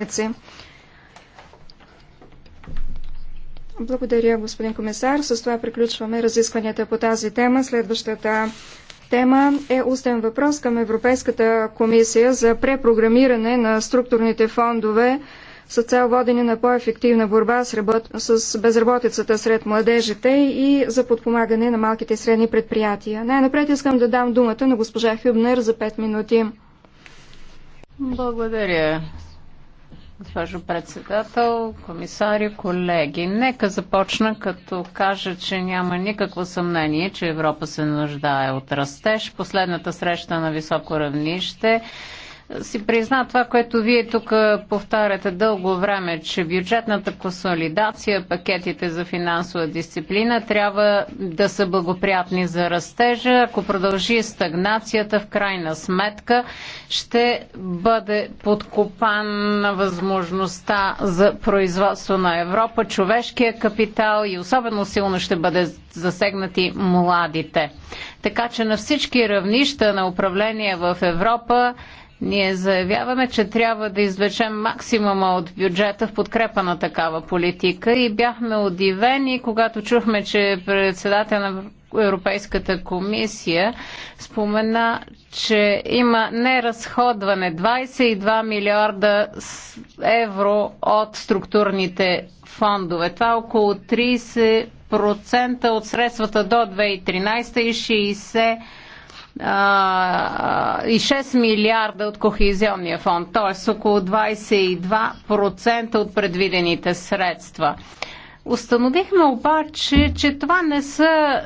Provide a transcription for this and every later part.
Гърци. Благодаря, господин комисар. С това приключваме разискванията по тази тема. Следващата тема е устен въпрос към Европейската комисия за препрограмиране на структурните фондове с цел водене на по-ефективна борба с, работ... с безработицата сред младежите и за подпомагане на малките и средни предприятия. Най-напред искам да дам думата на госпожа Хюбнер за 5 минути. Благодаря. Госпожо председател, комисари, колеги, нека започна като кажа, че няма никакво съмнение, че Европа се нуждае от растеж. Последната среща на високо равнище си призна това, което вие тук повтаряте дълго време, че бюджетната консолидация, пакетите за финансова дисциплина трябва да са благоприятни за растежа. Ако продължи стагнацията, в крайна сметка ще бъде подкопан възможността за производство на Европа, човешкия капитал и особено силно ще бъде засегнати младите. Така че на всички равнища на управление в Европа ние заявяваме, че трябва да извлечем максимума от бюджета в подкрепа на такава политика и бяхме удивени, когато чухме, че председател на Европейската комисия спомена, че има неразходване 22 милиарда евро от структурните фондове. Това е около 30% от средствата до 2013 и 60% и 6 милиарда от кохезионния фонд, т.е. около 22% от предвидените средства. Установихме обаче, че това не са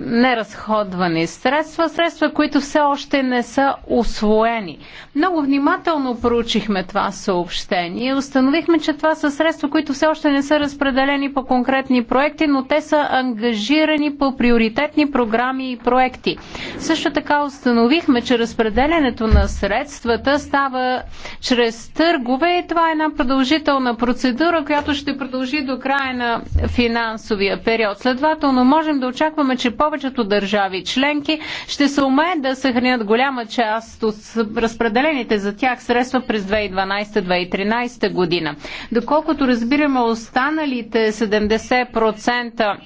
неразходвани средства, средства, които все още не са освоени. Много внимателно проучихме това съобщение и установихме, че това са средства, които все още не са разпределени по конкретни проекти, но те са ангажирани по приоритетни програми и проекти. Също така установихме, че разпределянето на средствата става чрез търгове и това е една продължителна процедура, която ще продължи до края на финансовия период. Следователно, можем да очакваме, че повечето държави членки ще се умеят да съхранят голяма част от разпределените за тях средства през 2012-2013 година. Доколкото разбираме, останалите 70%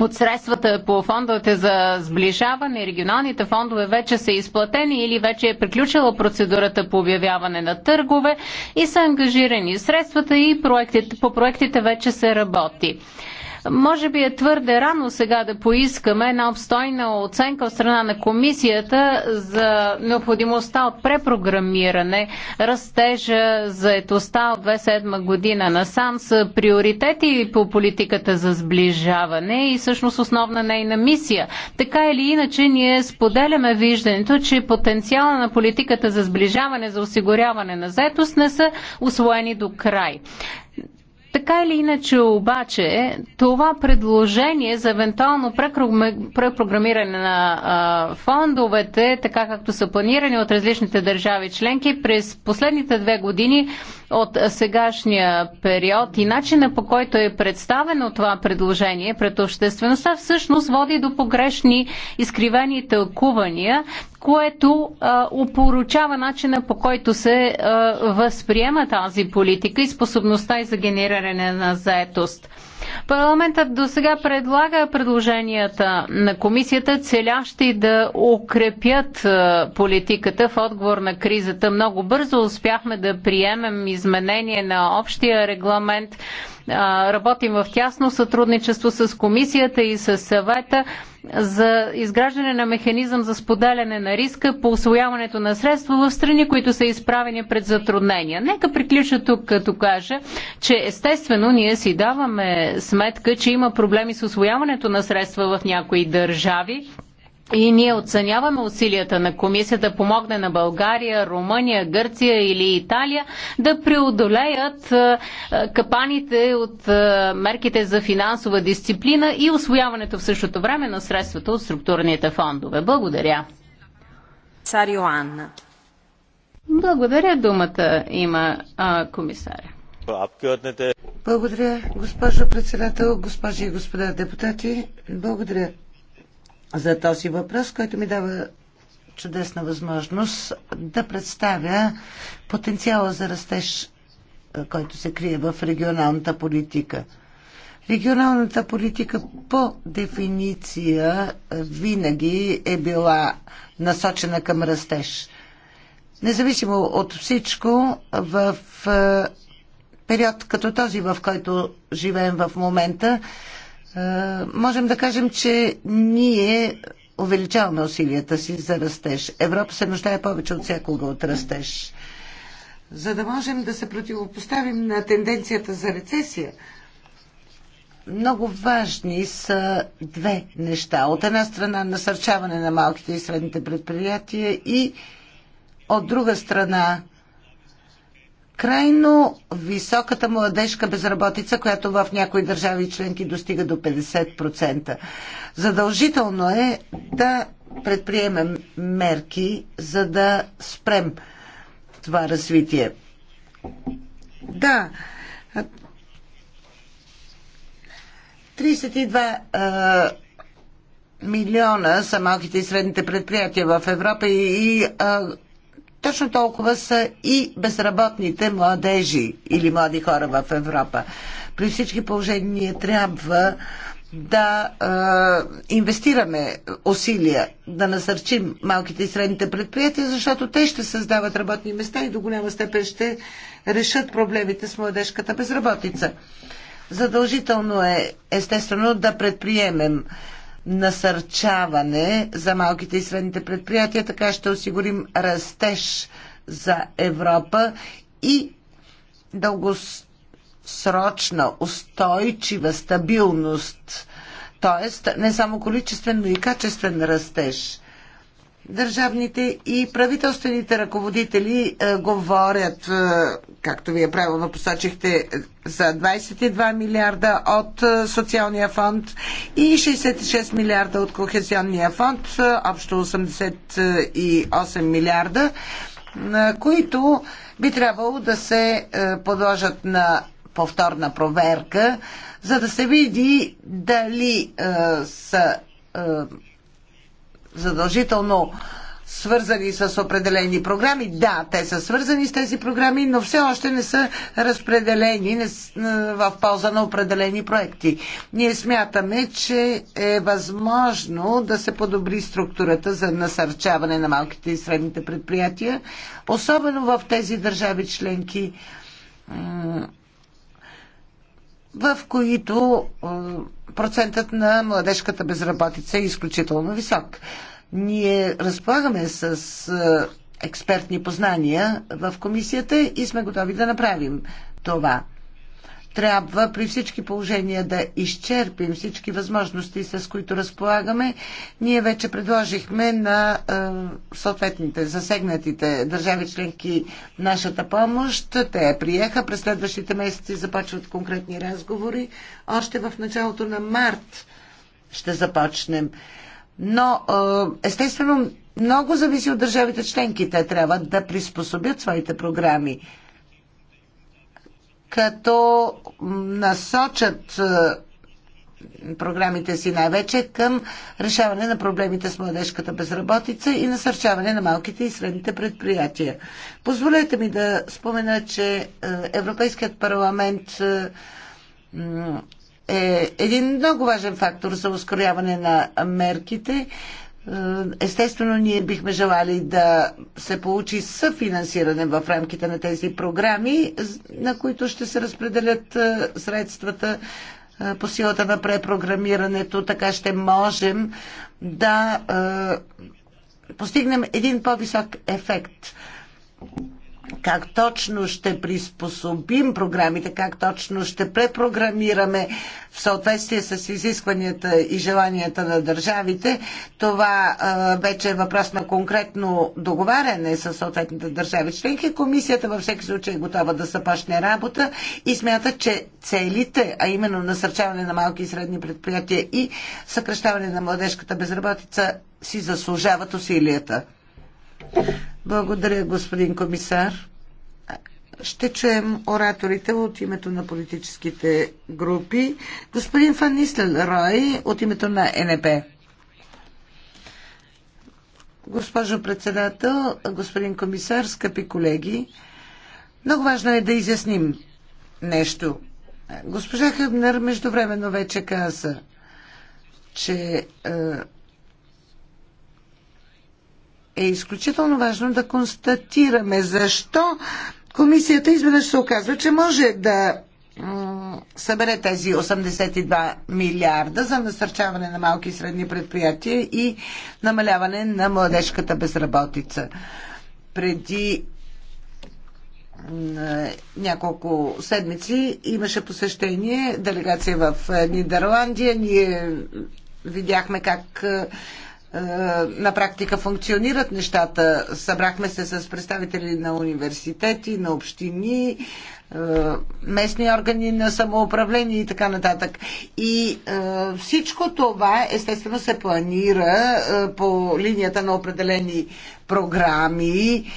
от средствата по фондовете за сближаване, регионалните фондове вече са изплатени или вече е приключила процедурата по обявяване на търгове и са ангажирани средствата и проектите, по проектите вече се работи. Може би е твърде рано сега да поискаме една обстойна оценка от страна на комисията за необходимостта от препрограмиране, растежа, за етоста от 2007 година САМ с приоритети по политиката за сближаване и всъщност основна нейна мисия. Така или иначе ние споделяме виждането, че потенциала на политиката за сближаване, за осигуряване на заетост не са освоени до край. Така или иначе обаче, това предложение за евентуално препрограмиране на а, фондовете, така както са планирани от различните държави членки, през последните две години от сегашния период и начина по който е представено това предложение пред обществеността всъщност води до погрешни изкривени тълкувания, което а, опоручава начина по който се а, възприема тази политика и способността и за генериране на заетост. Парламентът до сега предлага предложенията на комисията, целящи да укрепят политиката в отговор на кризата. Много бързо успяхме да приемем изменение на общия регламент Работим в тясно сътрудничество с комисията и с съвета за изграждане на механизъм за споделяне на риска по освояването на средства в страни, които са изправени пред затруднения. Нека приключа тук, като кажа, че естествено ние си даваме сметка, че има проблеми с освояването на средства в някои държави и ние оценяваме усилията на комисията да помогне на България, Румъния, Гърция или Италия да преодолеят е, е, капаните от е, мерките за финансова дисциплина и освояването в същото време на средствата от структурните фондове. Благодаря. Цар Йоанна. Благодаря думата има а, комисаря. Благодаря, госпожо председател, госпожи и господа депутати. Благодаря за този въпрос, който ми дава чудесна възможност да представя потенциала за растеж, който се крие в регионалната политика. Регионалната политика по дефиниция винаги е била насочена към растеж. Независимо от всичко, в период като този, в който живеем в момента, е, можем да кажем, че ние увеличаваме усилията си за растеж. Европа се нуждае повече от всякога от растеж. За да можем да се противопоставим на тенденцията за рецесия, много важни са две неща. От една страна насърчаване на малките и средните предприятия и от друга страна крайно високата младежка безработица, която в някои държави членки достига до 50%. Задължително е да предприемем мерки, за да спрем това развитие. Да, 32 а, милиона са малките и средните предприятия в Европа и, и а, точно толкова са и безработните младежи или млади хора в Европа. При всички положения ние трябва да е, инвестираме усилия да насърчим малките и средните предприятия, защото те ще създават работни места и до голяма степен ще решат проблемите с младежката безработица. Задължително е, естествено, да предприемем насърчаване за малките и средните предприятия, така ще осигурим растеж за Европа и дългосрочна, устойчива стабилност, т.е. не само количествен, но и качествен растеж държавните и правителствените ръководители а, е, говорят, а, е, както вие правилно посочихте, за 22 милиарда от а, е, социалния фонд и 66 милиарда от кохезионния фонд, а, общо 88 милиарда, а, които би трябвало да се а, подложат на повторна проверка, за да се види дали а, са задължително свързани с определени програми. Да, те са свързани с тези програми, но все още не са разпределени не с, в полза на определени проекти. Ние смятаме, че е възможно да се подобри структурата за насърчаване на малките и средните предприятия, особено в тези държави членки, в които процентът на младежката безработица е изключително висок. Ние разполагаме с е, експертни познания в комисията и сме готови да направим това трябва при всички положения да изчерпим всички възможности, с които разполагаме. Ние вече предложихме на е, съответните засегнатите държави членки нашата помощ. Те я приеха. През следващите месеци започват конкретни разговори. Още в началото на март ще започнем. Но е, естествено много зависи от държавите членки. Те трябва да приспособят своите програми като насочат е, програмите си най-вече към решаване на проблемите с младежката безработица и насърчаване на малките и средните предприятия. Позволете ми да спомена, че е, Европейският парламент е, е един много важен фактор за ускоряване на мерките. Естествено, ние бихме желали да се получи съфинансиране в рамките на тези програми, на които ще се разпределят е, средствата е, по силата на препрограмирането. Така ще можем да е, постигнем един по-висок ефект как точно ще приспособим програмите, как точно ще препрограмираме в съответствие с изискванията и желанията на държавите. Това а, вече е въпрос на конкретно договаряне с съответните държави членки. Комисията във всеки случай е готова да започне работа и смята, че целите, а именно насърчаване на малки и средни предприятия и съкръщаване на младежката безработица си заслужават усилията. Благодаря, господин комисар. Ще чуем ораторите от името на политическите групи. Господин Фанислен Рой от името на НП. Госпожо председател, господин комисар, скъпи колеги, много важно е да изясним нещо. Госпожа Хъбнер междувременно вече каза, че е, е изключително важно да констатираме защо комисията изведнъж се оказва, че може да събере тези 82 милиарда за насърчаване на малки и средни предприятия и намаляване на младежката безработица. Преди няколко седмици имаше посещение, делегация в е, Нидерландия. Ние видяхме как е, е, на практика функционират нещата. Събрахме се с представители на университети, на общини, е, местни органи на самоуправление и така нататък. И е, всичко това естествено се планира по линията на определени програми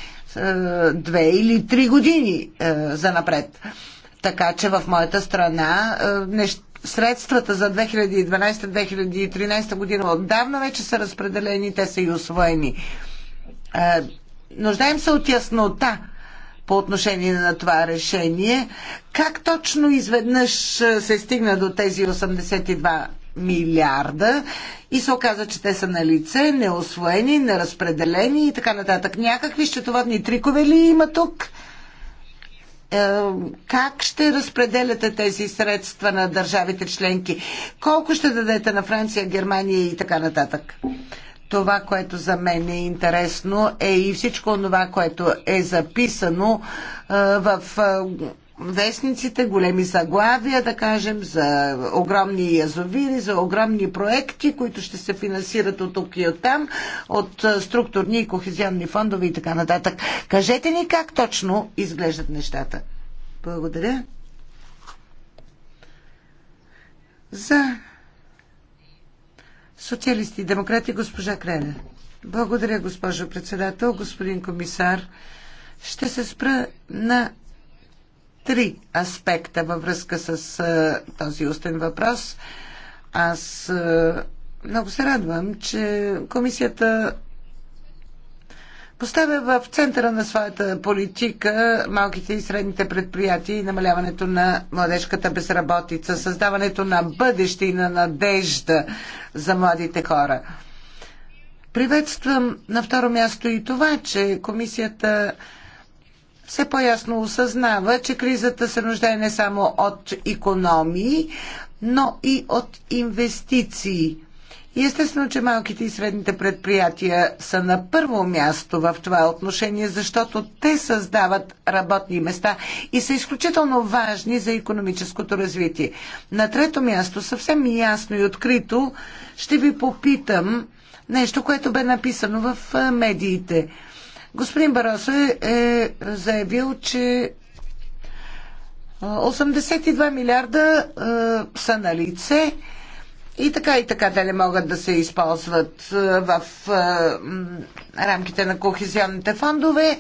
две или три години за напред. Така че в моята страна нещата средствата за 2012-2013 година отдавна вече са разпределени, те са и освоени. Е, нуждаем се от яснота по отношение на това решение. Как точно изведнъж е, се стигна до тези 82 милиарда и се оказа, че те са на лице, неосвоени, неразпределени и така нататък. Някакви счетоводни трикове ли има тук? Е, как ще разпределяте тези средства на държавите членки? Колко ще дадете на Франция, Германия и така нататък? Това, което за мен е интересно, е и всичко това, което е записано е, в е, вестниците, големи заглавия, да кажем, за огромни язовири, за огромни проекти, които ще се финансират от тук и от там, от структурни и кохезионни фондове и така нататък. Кажете ни как точно изглеждат нещата. Благодаря. За социалисти и демократи госпожа Крена. Благодаря, госпожо председател, господин комисар. Ще се спра на три аспекта във връзка с а, този устен въпрос. Аз а, много се радвам, че комисията поставя в центъра на своята политика малките и средните предприятия и намаляването на младежката безработица, създаването на бъдеще и на надежда за младите хора. Приветствам на второ място и това, че комисията все по-ясно осъзнава, че кризата се нуждае не само от економии, но и от инвестиции. естествено, че малките и средните предприятия са на първо място в това отношение, защото те създават работни места и са изключително важни за економическото развитие. На трето място, съвсем ясно и открито, ще ви попитам нещо, което бе написано в медиите – Господин Барасо е, е заявил, че 82 милиарда е, са на лице и така и така те не могат да се използват е, в е, рамките на кохезионните фондове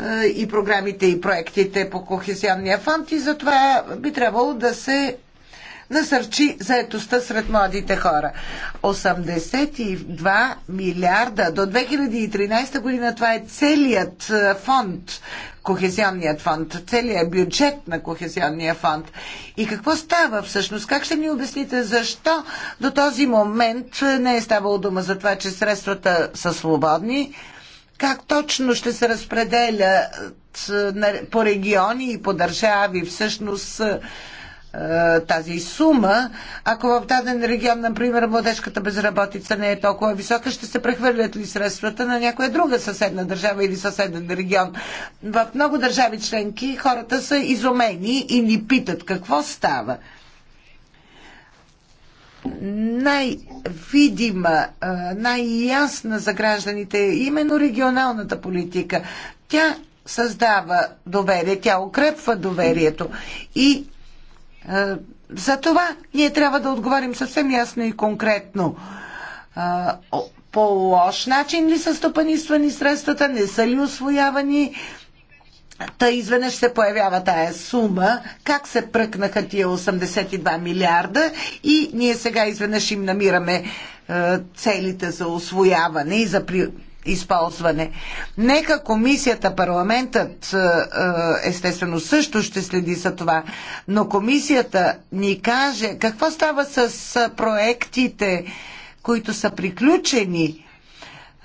е, и програмите и проектите по кохезионния фонд и затова би трябвало да се насърчи заетостта сред младите хора. 82 милиарда до 2013 година това е целият е, фонд, Кохезионният фонд, целият бюджет на Кохезионния фонд. И какво става всъщност? Как ще ни обясните защо до този момент е, не е ставало дума за това, че средствата са свободни? Как точно ще се разпределят е, по региони и по държави всъщност е, тази сума, ако в даден регион, например, младежката безработица не е толкова висока, ще се прехвърлят ли средствата на някоя друга съседна държава или съседен регион. В много държави членки хората са изумени и ни питат какво става. Най-видима, е, най-ясна за гражданите е именно регионалната политика. Тя създава доверие, тя укрепва доверието и е, за това ние трябва да отговорим съвсем ясно и конкретно. Е, по лош начин ли са стопанисвани средствата, не са ли освоявани, Та изведнъж се появява тая сума, как се пръкнаха тия 82 милиарда и ние сега изведнъж им намираме е, целите за освояване и за използване. Нека комисията, парламентът е, е, естествено също ще следи за това, но комисията ни каже какво става с проектите, които са приключени.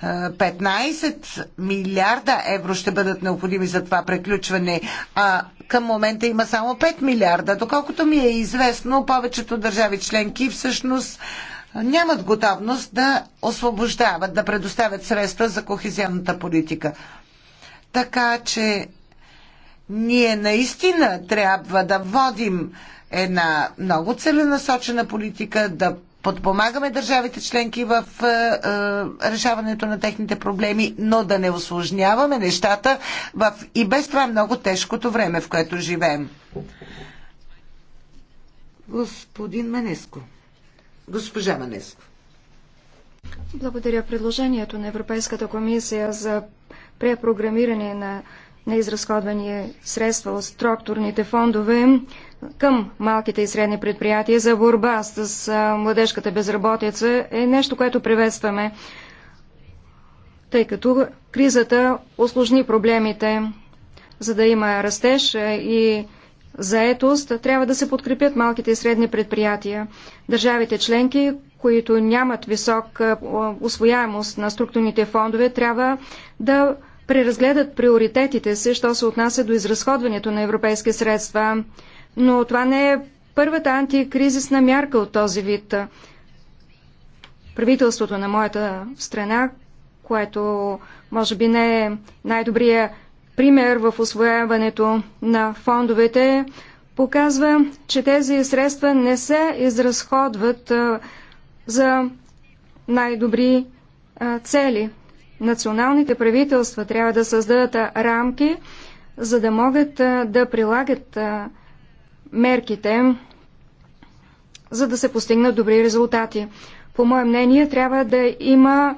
15 е, милиарда евро ще бъдат необходими за това преключване, а към момента има само 5 милиарда. Доколкото ми е известно, повечето държави членки всъщност нямат готовност да освобождават, да предоставят средства за кохезионната политика. Така че ние наистина трябва да водим една много целенасочена политика, да подпомагаме държавите членки в е, е, решаването на техните проблеми, но да не осложняваме нещата в и без това много тежкото време, в което живеем. Господин Менеско. Госпожа Манеско. Благодаря предложението на Европейската комисия за препрограмиране на неизразходвани средства от структурните фондове към малките и средни предприятия за борба с младежката безработица е нещо, което приветстваме, тъй като кризата осложни проблемите. За да има растеж и заетост, трябва да се подкрепят малките и средни предприятия. Държавите членки, които нямат висок освояемост на структурните фондове, трябва да преразгледат приоритетите си, що се отнася до изразходването на европейски средства. Но това не е първата антикризисна мярка от този вид. Правителството на моята страна, което може би не е най-добрия пример в освояването на фондовете показва, че тези средства не се изразходват за най-добри цели. Националните правителства трябва да създадат рамки, за да могат да прилагат мерките, за да се постигнат добри резултати. По мое мнение, трябва да има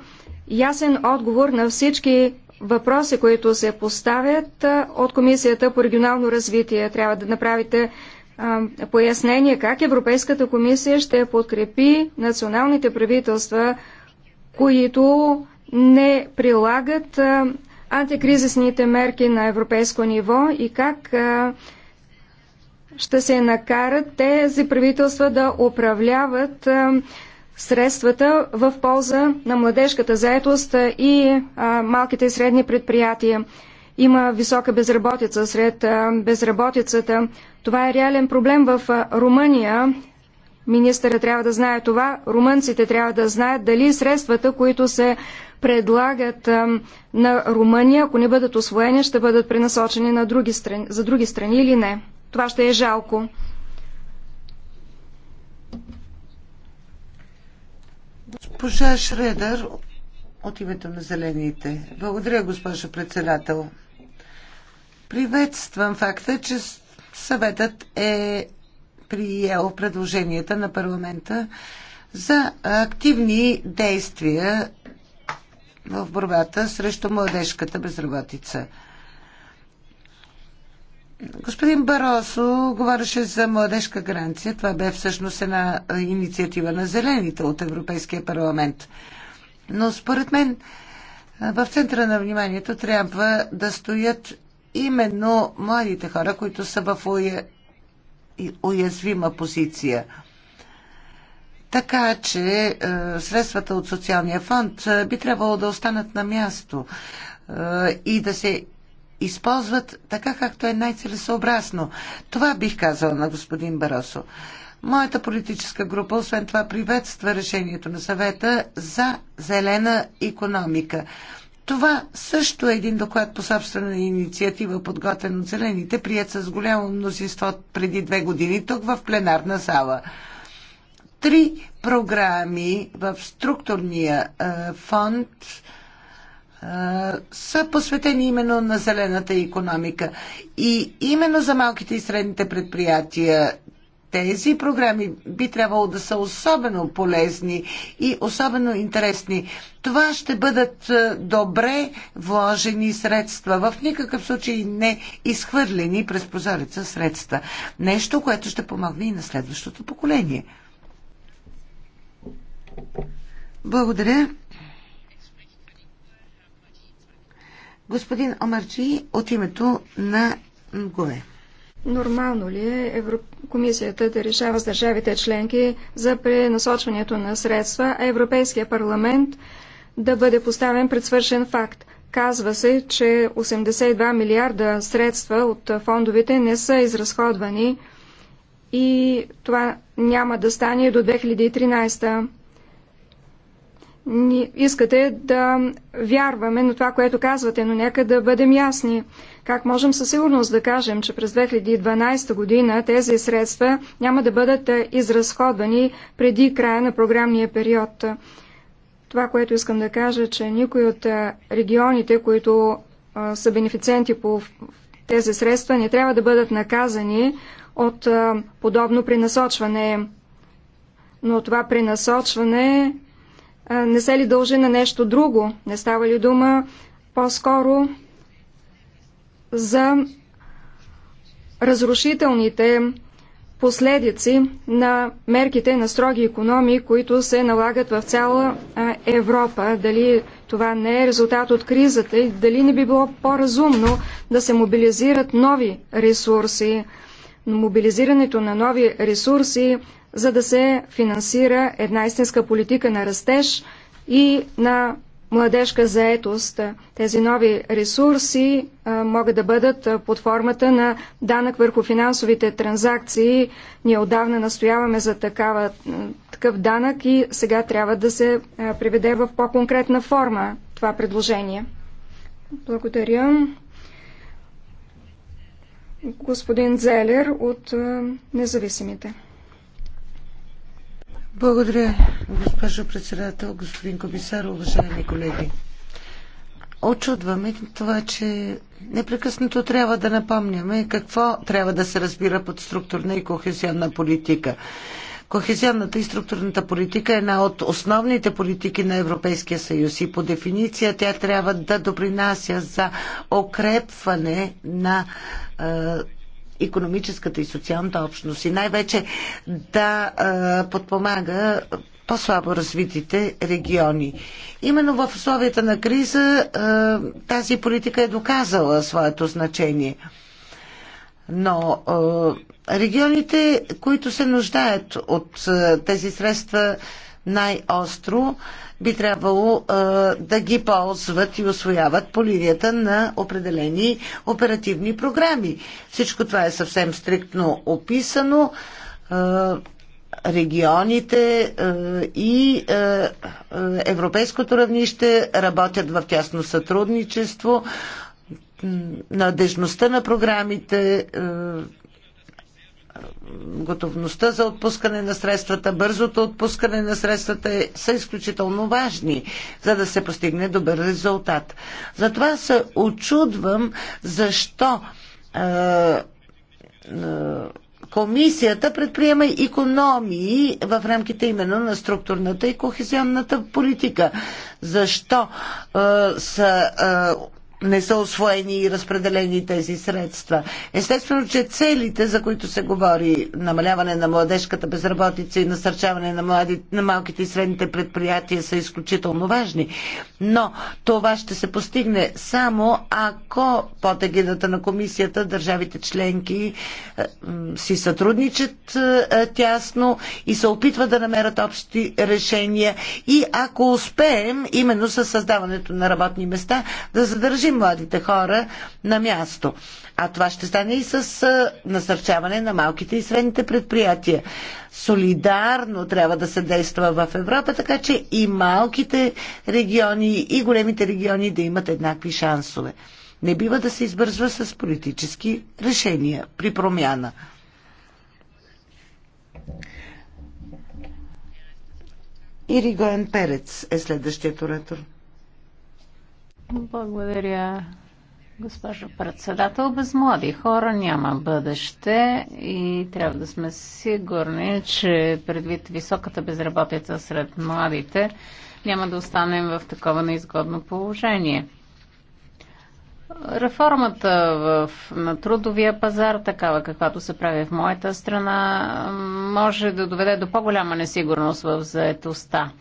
ясен отговор на всички въпроси, които се поставят от Комисията по регионално развитие. Трябва да направите пояснение как Европейската комисия ще подкрепи националните правителства, които не прилагат антикризисните мерки на европейско ниво и как ще се накарат тези правителства да управляват средствата в полза на младежката заетост и малките и средни предприятия. Има висока безработица сред безработицата. Това е реален проблем в Румъния. Министъра трябва да знае това. Румънците трябва да знаят дали средствата, които се предлагат на Румъния, ако не бъдат освоени, ще бъдат пренасочени на други страни, за други страни или не. Това ще е жалко. Госпожа Шредер от името на Зелените. Благодаря, госпожо председател. Приветствам факта, че съветът е приел предложенията на парламента за активни действия в борбата срещу младежката безработица. Господин Баросо говореше за младежка гаранция. Това бе всъщност една инициатива на зелените от Европейския парламент. Но според мен в центъра на вниманието трябва да стоят именно младите хора, които са в уя... уязвима позиция. Така че е, средствата от социалния фонд е, би трябвало да останат на място е, и да се използват така, както е най-целесообразно. Това бих казала на господин Баросо. Моята политическа група, освен това, приветства решението на съвета за зелена економика. Това също е един доклад по собствена инициатива, подготвен от зелените, прият с голямо мнозинство преди две години тук в пленарна зала. Три програми в структурния фонд са посветени именно на зелената економика. И именно за малките и средните предприятия тези програми би трябвало да са особено полезни и особено интересни. Това ще бъдат добре вложени средства, в никакъв случай не изхвърлени през прозореца средства. Нещо, което ще помогне и на следващото поколение. Благодаря. Господин Омарджи от името на ГОЕ. Нормално ли е Еврокомисията да решава с държавите членки за пренасочването на средства, а Европейския парламент да бъде поставен пред свършен факт? Казва се, че 82 милиарда средства от фондовете не са изразходвани и това няма да стане до 2013 ни искате да вярваме на това, което казвате, но нека да бъдем ясни. Как можем със сигурност да кажем, че през 2012 година тези средства няма да бъдат е, изразходвани преди края на програмния период? Това, което искам да кажа, че никой от е, регионите, които е, са бенефициенти по тези средства, не трябва да бъдат наказани от подобно пренасочване. Но това пренасочване не се ли дължи на нещо друго? Не става ли дума по-скоро за разрушителните последици на мерките на строги економии, които се налагат в цяла Европа. Дали това не е резултат от кризата и дали не би било по-разумно да се мобилизират нови ресурси. Но мобилизирането на нови ресурси за да се финансира една истинска политика на растеж и на младежка заетост. Тези нови ресурси а, могат да бъдат а, под формата на данък върху финансовите транзакции. Ние отдавна настояваме за такава, такъв данък и сега трябва да се а, приведе в по-конкретна форма това предложение. Благодаря. Господин Зелер от а, Независимите. Благодаря, госпожо председател, господин комисар, уважаеми колеги. Очудваме това, че непрекъснато трябва да напомняме какво трябва да се разбира под структурна и кохезионна политика. Кохезионната и структурната политика е една от основните политики на Европейския съюз и по дефиниция тя трябва да допринася за укрепване на е, економическата и социалната общност и най-вече да подпомага по-слабо развитите региони. Именно в условията на криза тази политика е доказала своето значение. Но регионите, които се нуждаят от тези средства най-остро, би трябвало а, да ги ползват и освояват по линията на определени оперативни програми. Всичко това е съвсем стриктно описано. А, регионите и европейското равнище работят в тясно сътрудничество. Надежността на програмите готовността за отпускане на средствата, бързото отпускане на средствата е, са изключително важни, за да се постигне добър резултат. Затова се очудвам защо е, е, комисията предприема економии в рамките именно на структурната и кохезионната политика. Защо е, са. Е, не са освоени и разпределени тези средства. Естествено, че целите, за които се говори, намаляване на младежката безработица и насърчаване на, млади, на малките и средните предприятия са изключително важни. Но това ще се постигне само ако под егидата на комисията държавите членки е, си сътрудничат е, тясно и се опитват да намерят общи решения и ако успеем именно с създаването на работни места да задържим младите хора на място. А това ще стане и с насърчаване на малките и средните предприятия. Солидарно трябва да се действа в Европа, така че и малките региони, и големите региони да имат еднакви шансове. Не бива да се избързва с политически решения при промяна. Иригоен Перец е следващият оратор. Благодаря, госпожо председател. Без млади хора няма бъдеще и трябва да сме сигурни, че предвид високата безработица сред младите, няма да останем в такова неизгодно положение. Реформата в, на трудовия пазар, такава каквато се прави в моята страна, може да доведе до по-голяма несигурност в заетостта.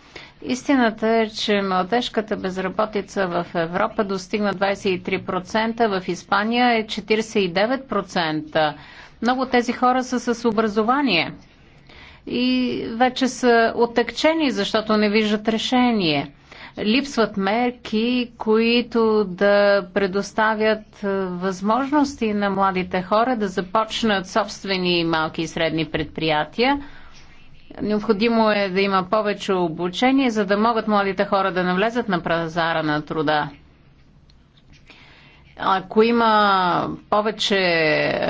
Истината е, че младежката безработица в Европа достигна 23%, в Испания е 49%. Много тези хора са с образование и вече са отекчени, защото не виждат решение. Липсват мерки, които да предоставят е, възможности на младите хора да започнат собствени малки и средни предприятия – Необходимо е да има повече обучение, за да могат младите хора да навлезат на пазара на труда. Ако има повече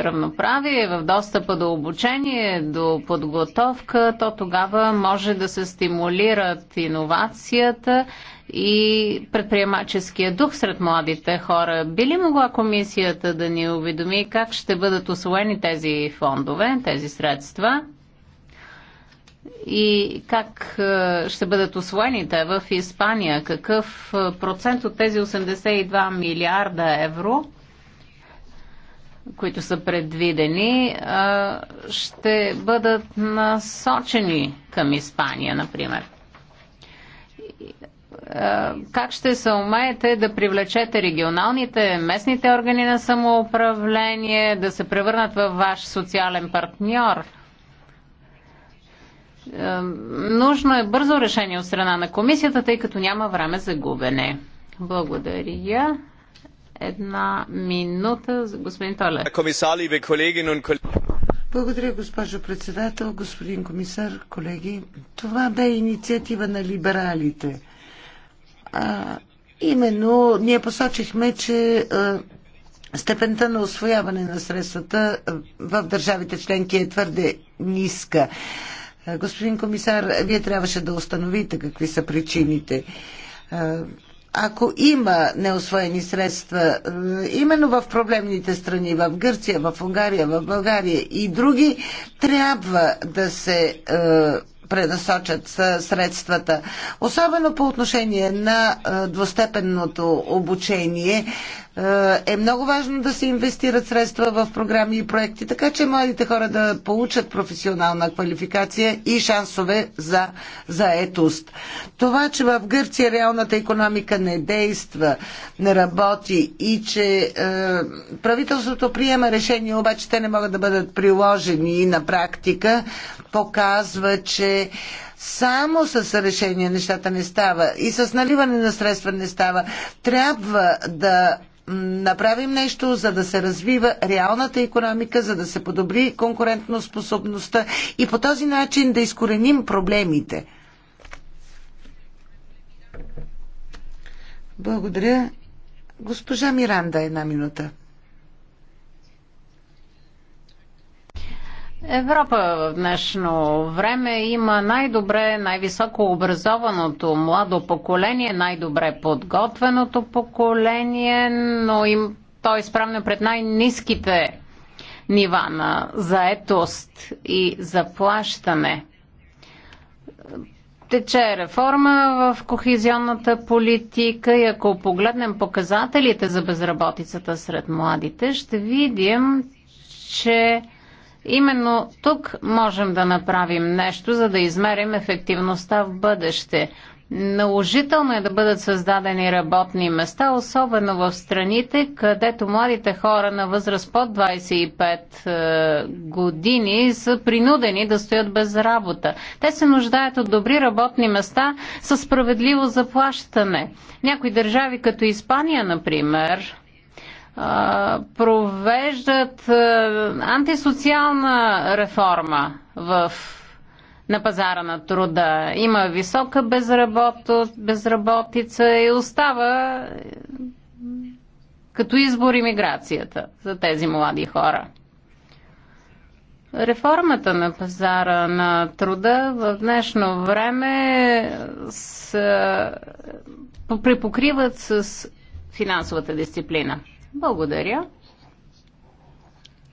равноправие в достъпа до обучение, до подготовка, то тогава може да се стимулират иновацията и предприемаческия дух сред младите хора. Би ли могла комисията да ни уведоми как ще бъдат освоени тези фондове, тези средства? и как е, ще бъдат освоени в Испания? Какъв е, процент от тези 82 милиарда евро, които са предвидени, е, ще бъдат насочени към Испания, например? Как ще се умеете да привлечете регионалните, местните органи на самоуправление, да се превърнат във ваш социален партньор – нужно е бързо решение от страна на комисията, тъй като няма време за губене. Благодаря. Една минута за господин Толе. Благодаря, госпожо председател, господин комисар, колеги. Това бе инициатива на либералите. А, именно ние посочихме, че а, степента на освояване на средствата в държавите членки е твърде ниска. Е, господин комисар, вие трябваше да установите какви са причините. Е, ако има неосвоени средства, е, именно в проблемните страни, в Гърция, в Унгария, в България и други, трябва да се пренасочат средствата. Особено по отношение на двустепенното обучение е много важно да се инвестират средства в програми и проекти, така че младите хора да получат професионална квалификация и шансове за заетост. Това, че в Гърция реалната економика не действа, не работи и че е, правителството приема решения, обаче те не могат да бъдат приложени на практика, показва, че само с решение нещата не става и с наливане на средства не става. Трябва да направим нещо, за да се развива реалната економика, за да се подобри конкурентноспособността и по този начин да изкореним проблемите. Благодаря. Госпожа Миранда, една минута. Европа в днешно време има най-добре, най-високо образованото младо поколение, най-добре подготвеното поколение, но им то е изправено пред най-низките нива на заетост и заплащане. Тече реформа в кохезионната политика и ако погледнем показателите за безработицата сред младите, ще видим, че Именно тук можем да направим нещо, за да измерим ефективността в бъдеще. Наложително е да бъдат създадени работни места, особено в страните, където младите хора на възраст под 25 е, години са принудени да стоят без работа. Те се нуждаят от добри работни места със справедливо заплащане. Някои държави, като Испания, например, провеждат антисоциална реформа в, на пазара на труда. Има висока безработица и остава е, като избор иммиграцията за тези млади хора. Реформата на пазара на труда в днешно време се припокриват с финансовата дисциплина. Благодаря.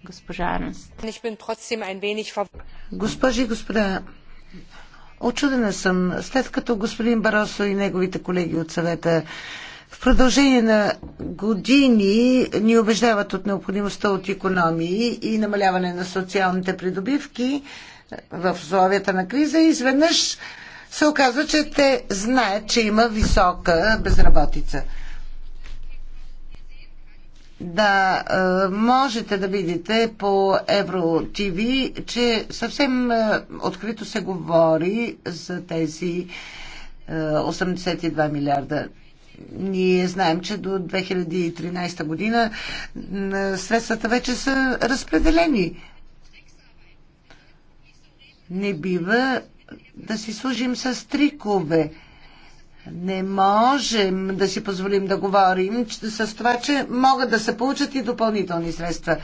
Госпожа Арнст. Госпожи и господа, очудена съм, след като господин Баросо и неговите колеги от съвета в продължение на години ни убеждават от необходимостта от економии и намаляване на социалните придобивки в условията на криза. и Изведнъж се оказва, че те знаят, че има висока безработица да е, можете да видите по Евро ТВ, че съвсем е, открито се говори за тези 82 е, милиарда. Ние знаем, че до 2013 година средствата вече са разпределени. Не бива да си служим с трикове. Не можем да си позволим да говорим че с това, че могат да се получат и допълнителни средства.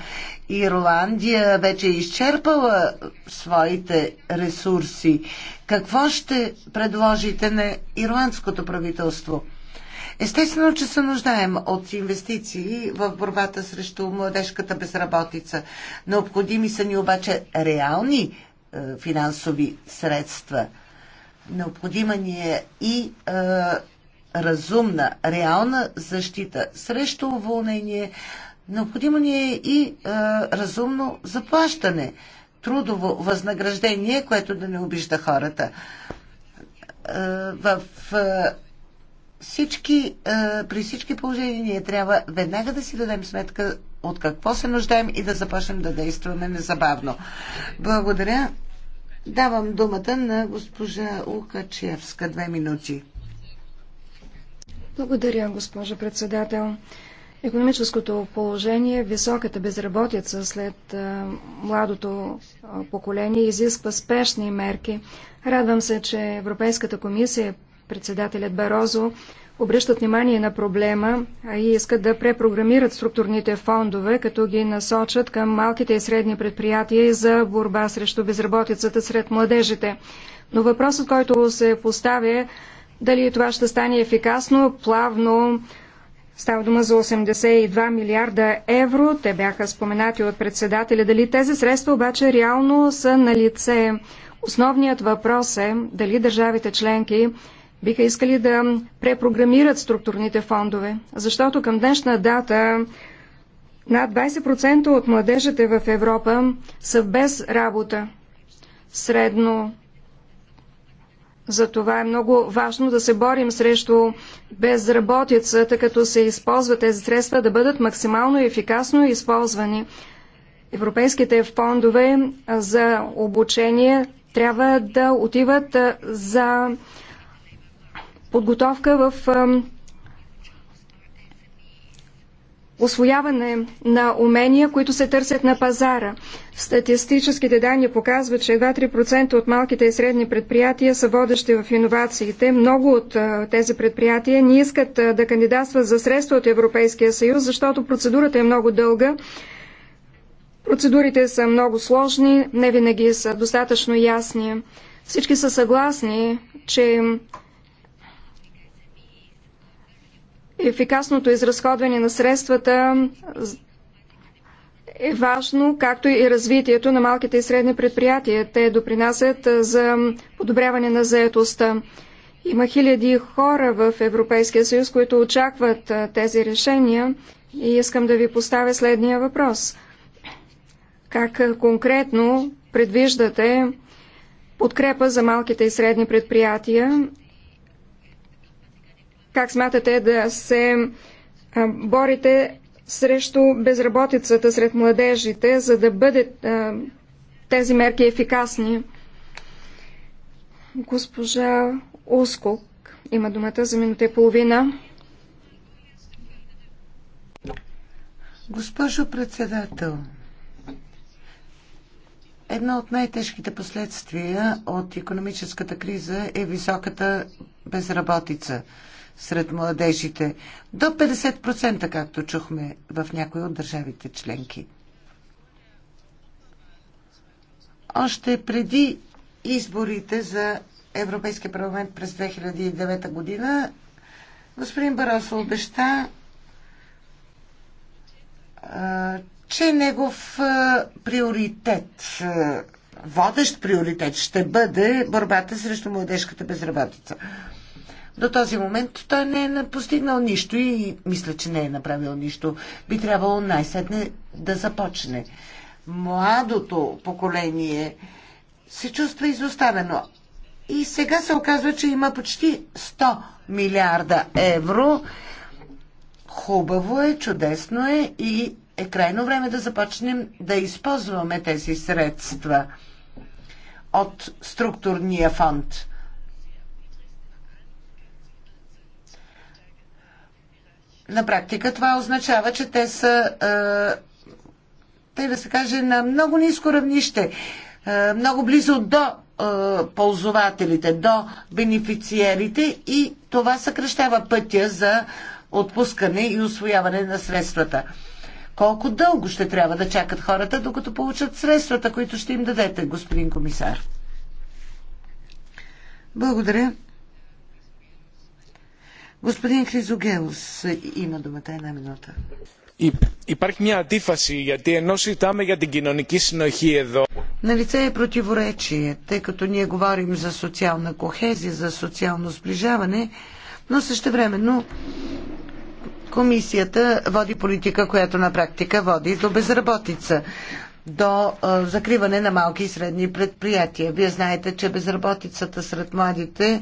Ирландия вече е изчерпала своите ресурси. Какво ще предложите на ирландското правителство? Естествено, че се нуждаем от инвестиции в борбата срещу младежката безработица. Необходими са ни обаче реални е, финансови средства – Необходима ни е и а, разумна, реална защита срещу уволнение. Необходимо ни е и а, разумно заплащане, трудово възнаграждение, което да не обижда хората. А, в а, всички, а, при всички положения ние трябва веднага да си дадем сметка от какво се нуждаем и да започнем да действаме незабавно. Благодаря. Давам думата на госпожа Лукачевска. Две минути. Благодаря, госпожа председател. Економическото положение, високата безработица след младото поколение изисква спешни мерки. Радвам се, че Европейската комисия, председателят Барозо, обръщат внимание на проблема и искат да препрограмират структурните фондове, като ги насочат към малките и средни предприятия и за борба срещу безработицата сред младежите. Но въпросът, който се поставя е дали това ще стане ефикасно, плавно, Става дума за 82 милиарда евро. Те бяха споменати от председателя. Дали тези средства обаче реално са на лице? Основният въпрос е дали държавите членки биха искали да препрограмират структурните фондове, защото към днешна дата над 20% от младежите в Европа са без работа. Средно. За това е много важно да се борим срещу безработицата, като се използват тези средства да бъдат максимално ефикасно използвани. Европейските фондове за обучение трябва да отиват за подготовка в освояване на умения, които се търсят на пазара. Статистическите данни показват, че 2 3% от малките и средни предприятия са водещи в иновациите. Много от тези предприятия не искат да кандидатстват за средства от Европейския съюз, защото процедурата е много дълга. Процедурите са много сложни, не винаги са достатъчно ясни. Всички са съгласни, че ефикасното изразходване на средствата е важно, както и развитието на малките и средни предприятия. Те допринасят за подобряване на заетостта. Има хиляди хора в Европейския съюз, които очакват тези решения и искам да ви поставя следния въпрос. Как конкретно предвиждате подкрепа за малките и средни предприятия как смятате да се борите срещу безработицата сред младежите, за да бъдат тези мерки ефикасни? Госпожа Ускок има думата за минута и половина. Госпожо председател, Едно от най-тежките последствия от економическата криза е високата безработица сред младежите. До 50%, както чухме в някои от държавите членки. Още преди изборите за Европейския парламент през 2009 година, господин Баросо обеща, че негов приоритет, водещ приоритет ще бъде борбата срещу младежката безработица. До този момент той не е постигнал нищо и мисля, че не е направил нищо. Би трябвало най-сетне да започне. Младото поколение се чувства изоставено. И сега се оказва, че има почти 100 милиарда евро. Хубаво е, чудесно е и е крайно време да започнем да използваме тези средства от структурния фонд. на практика това означава, че те са, те да се каже, на много ниско равнище, много близо до ползвателите, до бенефициерите и това съкръщава пътя за отпускане и освояване на средствата. Колко дълго ще трябва да чакат хората, докато получат средствата, които ще им дадете, господин комисар? Благодаря. Господин Хризогелос има думата една минута. Υπάρχει μια αντίφαση γιατί ενώ συζητάμε για την κοινωνική συνοχή εδώ. Налице е противоречие, тъй като ние говорим за социална кохезия, за социално сближаване, но времено комисията води политика, която на практика води до безработица до закриване на малки и средни предприятия. Вие знаете, че безработицата сред младите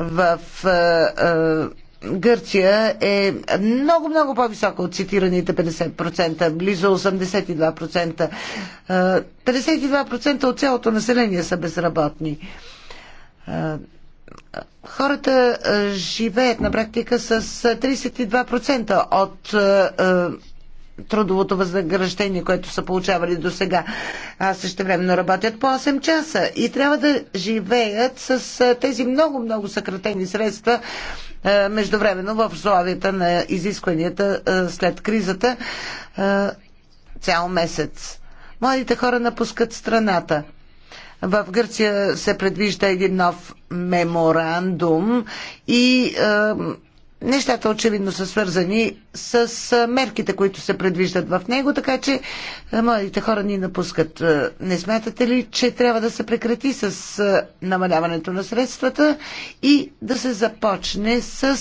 в Гърция е много, много по-висока от цитираните 50%, близо 82%. 52% от цялото население са безработни. Хората живеят на практика с 32% от трудовото възнаграждение, което са получавали до сега, а също времено работят по 8 часа и трябва да живеят с тези много-много съкратени средства междувременно в условията на изискванията след кризата цял месец. Младите хора напускат страната. В Гърция се предвижда един нов меморандум и нещата очевидно са свързани с мерките, които се предвиждат в него, така че младите хора ни напускат. Не смятате ли, че трябва да се прекрати с намаляването на средствата и да се започне с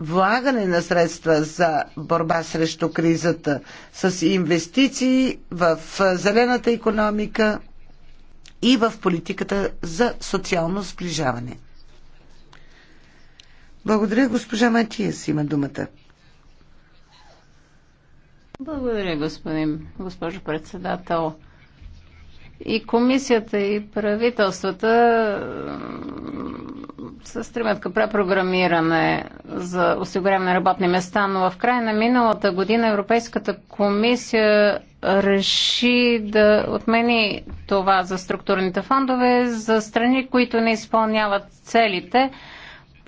влагане на средства за борба срещу кризата, с инвестиции в зелената економика и в политиката за социално сближаване? Благодаря, госпожа си има думата. Благодаря, господин, госпожо председател. И комисията, и правителствата се стремят към препрограмиране за осигуряване на работни места, но в края на миналата година Европейската комисия реши да отмени това за структурните фондове за страни, които не изпълняват целите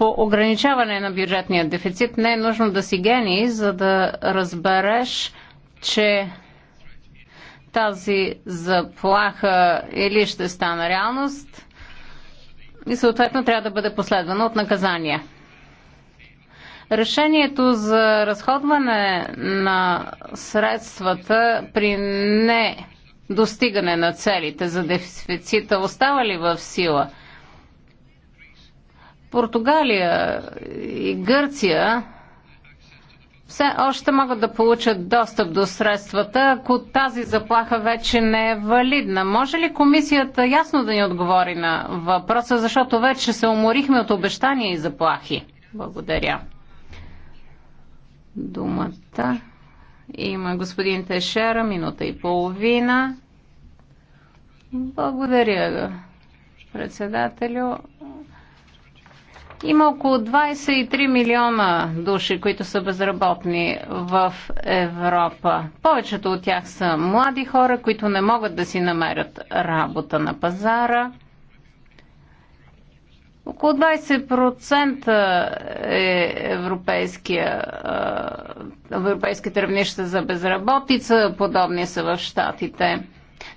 по ограничаване на бюджетния дефицит не е нужно да си гений, за да разбереш, че тази заплаха или ще стане реалност и съответно трябва да бъде последвана от наказания. Решението за разходване на средствата при не достигане на целите за дефицита остава ли в сила? Португалия и Гърция все още могат да получат достъп до средствата, ако тази заплаха вече не е валидна. Може ли комисията ясно да ни отговори на въпроса, защото вече се уморихме от обещания и заплахи? Благодаря. Думата има господин Тешера, минута и половина. Благодаря, председателю. Има около 23 милиона души, които са безработни в Европа. Повечето от тях са млади хора, които не могат да си намерят работа на пазара. Около 20% е европейския, е, европейските равнища за безработица, подобни са в Штатите.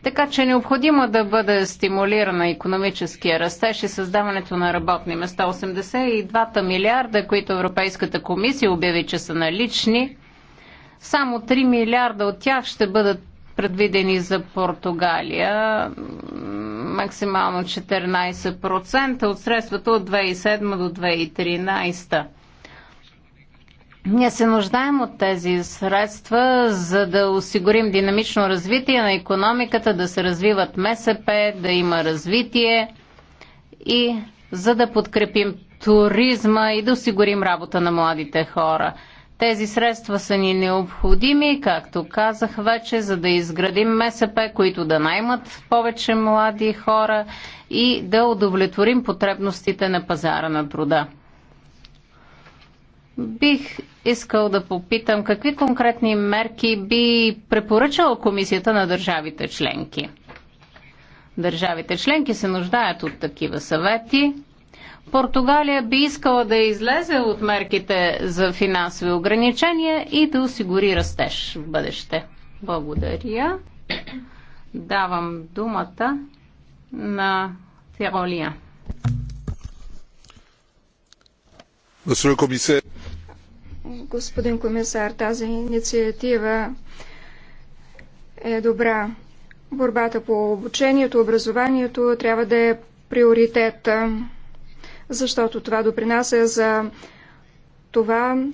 Така че е необходимо да бъде стимулирана економическия растеж и създаването на работни места. 82 милиарда, които Европейската комисия обяви, че са налични, само 3 милиарда от тях ще бъдат предвидени за Португалия максимално 14% от средствата от 2007 до 2013. Ние се нуждаем от тези средства, за да осигурим динамично развитие на економиката, да се развиват МСП, да има развитие и за да подкрепим туризма и да осигурим работа на младите хора. Тези средства са ни необходими, както казах вече, за да изградим МСП, които да наймат повече млади хора и да удовлетворим потребностите на пазара на труда. Бих искал да попитам какви конкретни мерки би препоръчала комисията на държавите членки. Държавите членки се нуждаят от такива съвети. Португалия би искала да излезе от мерките за финансови ограничения и да осигури растеж в бъдеще. Благодаря. Давам думата на Феролия. Господин комисар, господин комисар, тази инициатива е добра. Борбата по обучението, образованието трябва да е приоритет, защото това допринася за това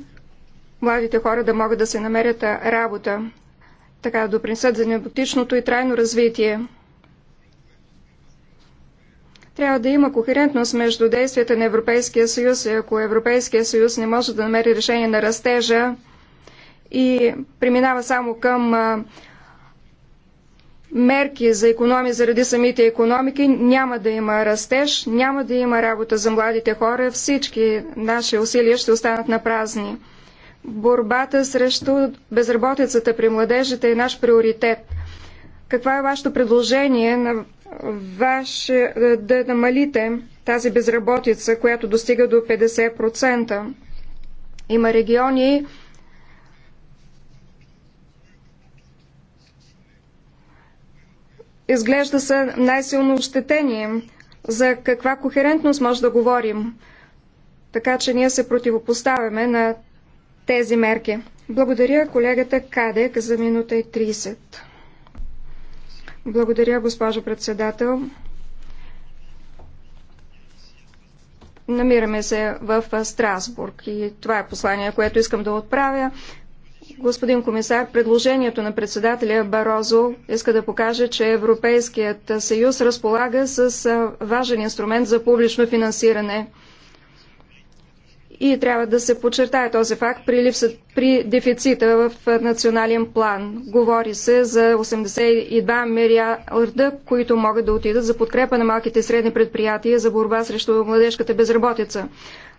младите хора да могат да се намерят работа, така да допринесат за неботичното и трайно развитие. Трябва да има кохерентност между действията на Европейския съюз и ако Европейския съюз не може да намери решение на растежа и преминава само към мерки за економи заради самите економики, няма да има растеж, няма да има работа за младите хора, всички наши усилия ще останат на празни. Борбата срещу безработицата при младежите е наш приоритет. Каква е вашето предложение на ваше, е, да намалите тази безработица, която достига до 50%. Има региони, изглежда са най-силно ощетени. За каква кохерентност може да говорим? Така че ние се противопоставяме на тези мерки. Благодаря колегата Кадек за минута и 30. Благодаря, госпожо председател. Намираме се в Страсбург и това е послание, което искам да отправя. Господин комисар, предложението на председателя Барозо иска да покаже, че Европейският съюз разполага с важен инструмент за публично финансиране – и трябва да се подчертая този факт при, липсът, при дефицита в национален план. Говори се за 82 милиарда, които могат да отидат за подкрепа на малките и средни предприятия за борба срещу младежката безработица.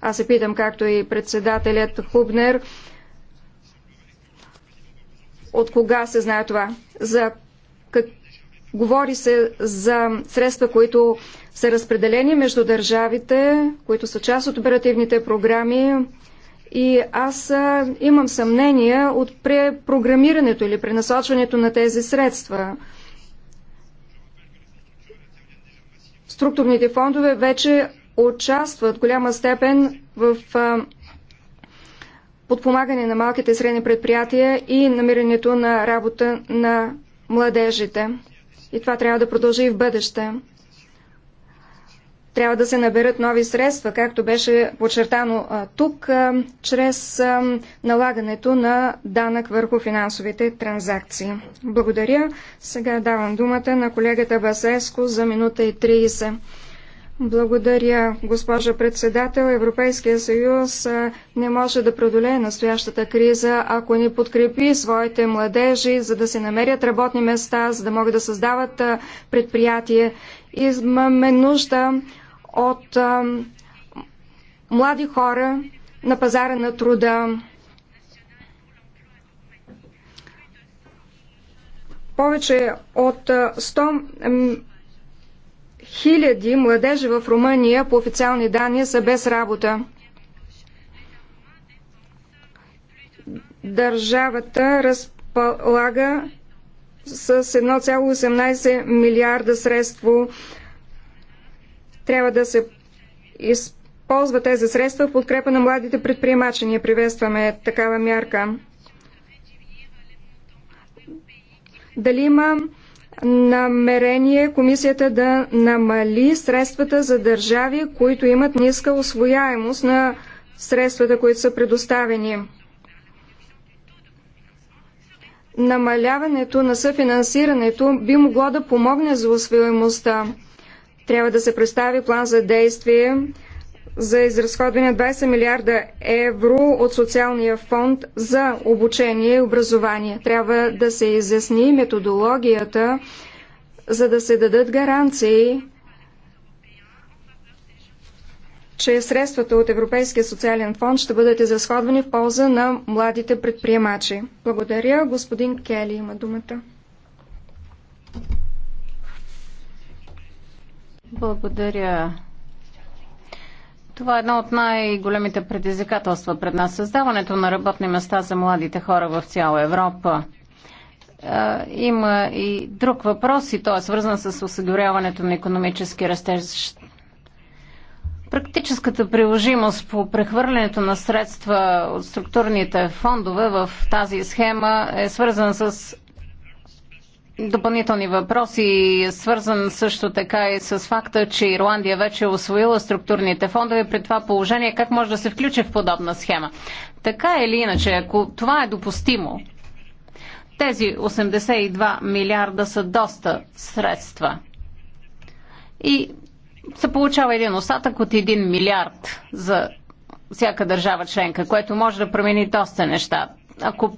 Аз се питам, както и председателят Хубнер, от кога се знае това? За как... Говори се за средства, които са разпределени между държавите, които са част от оперативните програми. И аз имам съмнение от препрограмирането или пренасочването на тези средства. Структурните фондове вече участват в голяма степен в подпомагане на малките и средни предприятия и намирането на работа на младежите. И това трябва да продължи и в бъдеще трябва да се наберат нови средства, както беше подчертано тук, чрез налагането на данък върху финансовите транзакции. Благодаря. Сега давам думата на колегата Басеско за минута и 30. Благодаря, госпожа председател. Европейския съюз не може да преодолее настоящата криза, ако не подкрепи своите младежи, за да се намерят работни места, за да могат да създават предприятие. Имаме нужда от а, млади хора на пазара на труда. Повече от 100 хиляди младежи в Румъния по официални данни са без работа. Държавата разполага с 1,18 милиарда средство трябва да се използва тези средства в подкрепа на младите предприемачи. Ние приветстваме такава мярка. Дали има намерение комисията да намали средствата за държави, които имат ниска освояемост на средствата, които са предоставени. Намаляването на съфинансирането би могло да помогне за освояемостта. Трябва да се представи план за действие за изразходване на 20 милиарда евро от социалния фонд за обучение и образование. Трябва да се изясни методологията, за да се дадат гаранции, че средствата от Европейския социален фонд ще бъдат изразходвани в полза на младите предприемачи. Благодаря. Господин Кели има думата. Благодаря. Това е едно от най-големите предизвикателства пред нас. Създаването на работни места за младите хора в цяла Европа. Има и друг въпрос и той е свързан с осигуряването на економически растеж. Практическата приложимост по прехвърлянето на средства от структурните фондове в тази схема е свързана с допълнителни въпроси, свързан също така и с факта, че Ирландия вече е освоила структурните фондове при това положение. Как може да се включи в подобна схема? Така или иначе, ако това е допустимо, тези 82 милиарда са доста средства. И се получава един остатък от 1 милиард за всяка държава членка, което може да промени доста неща. Ако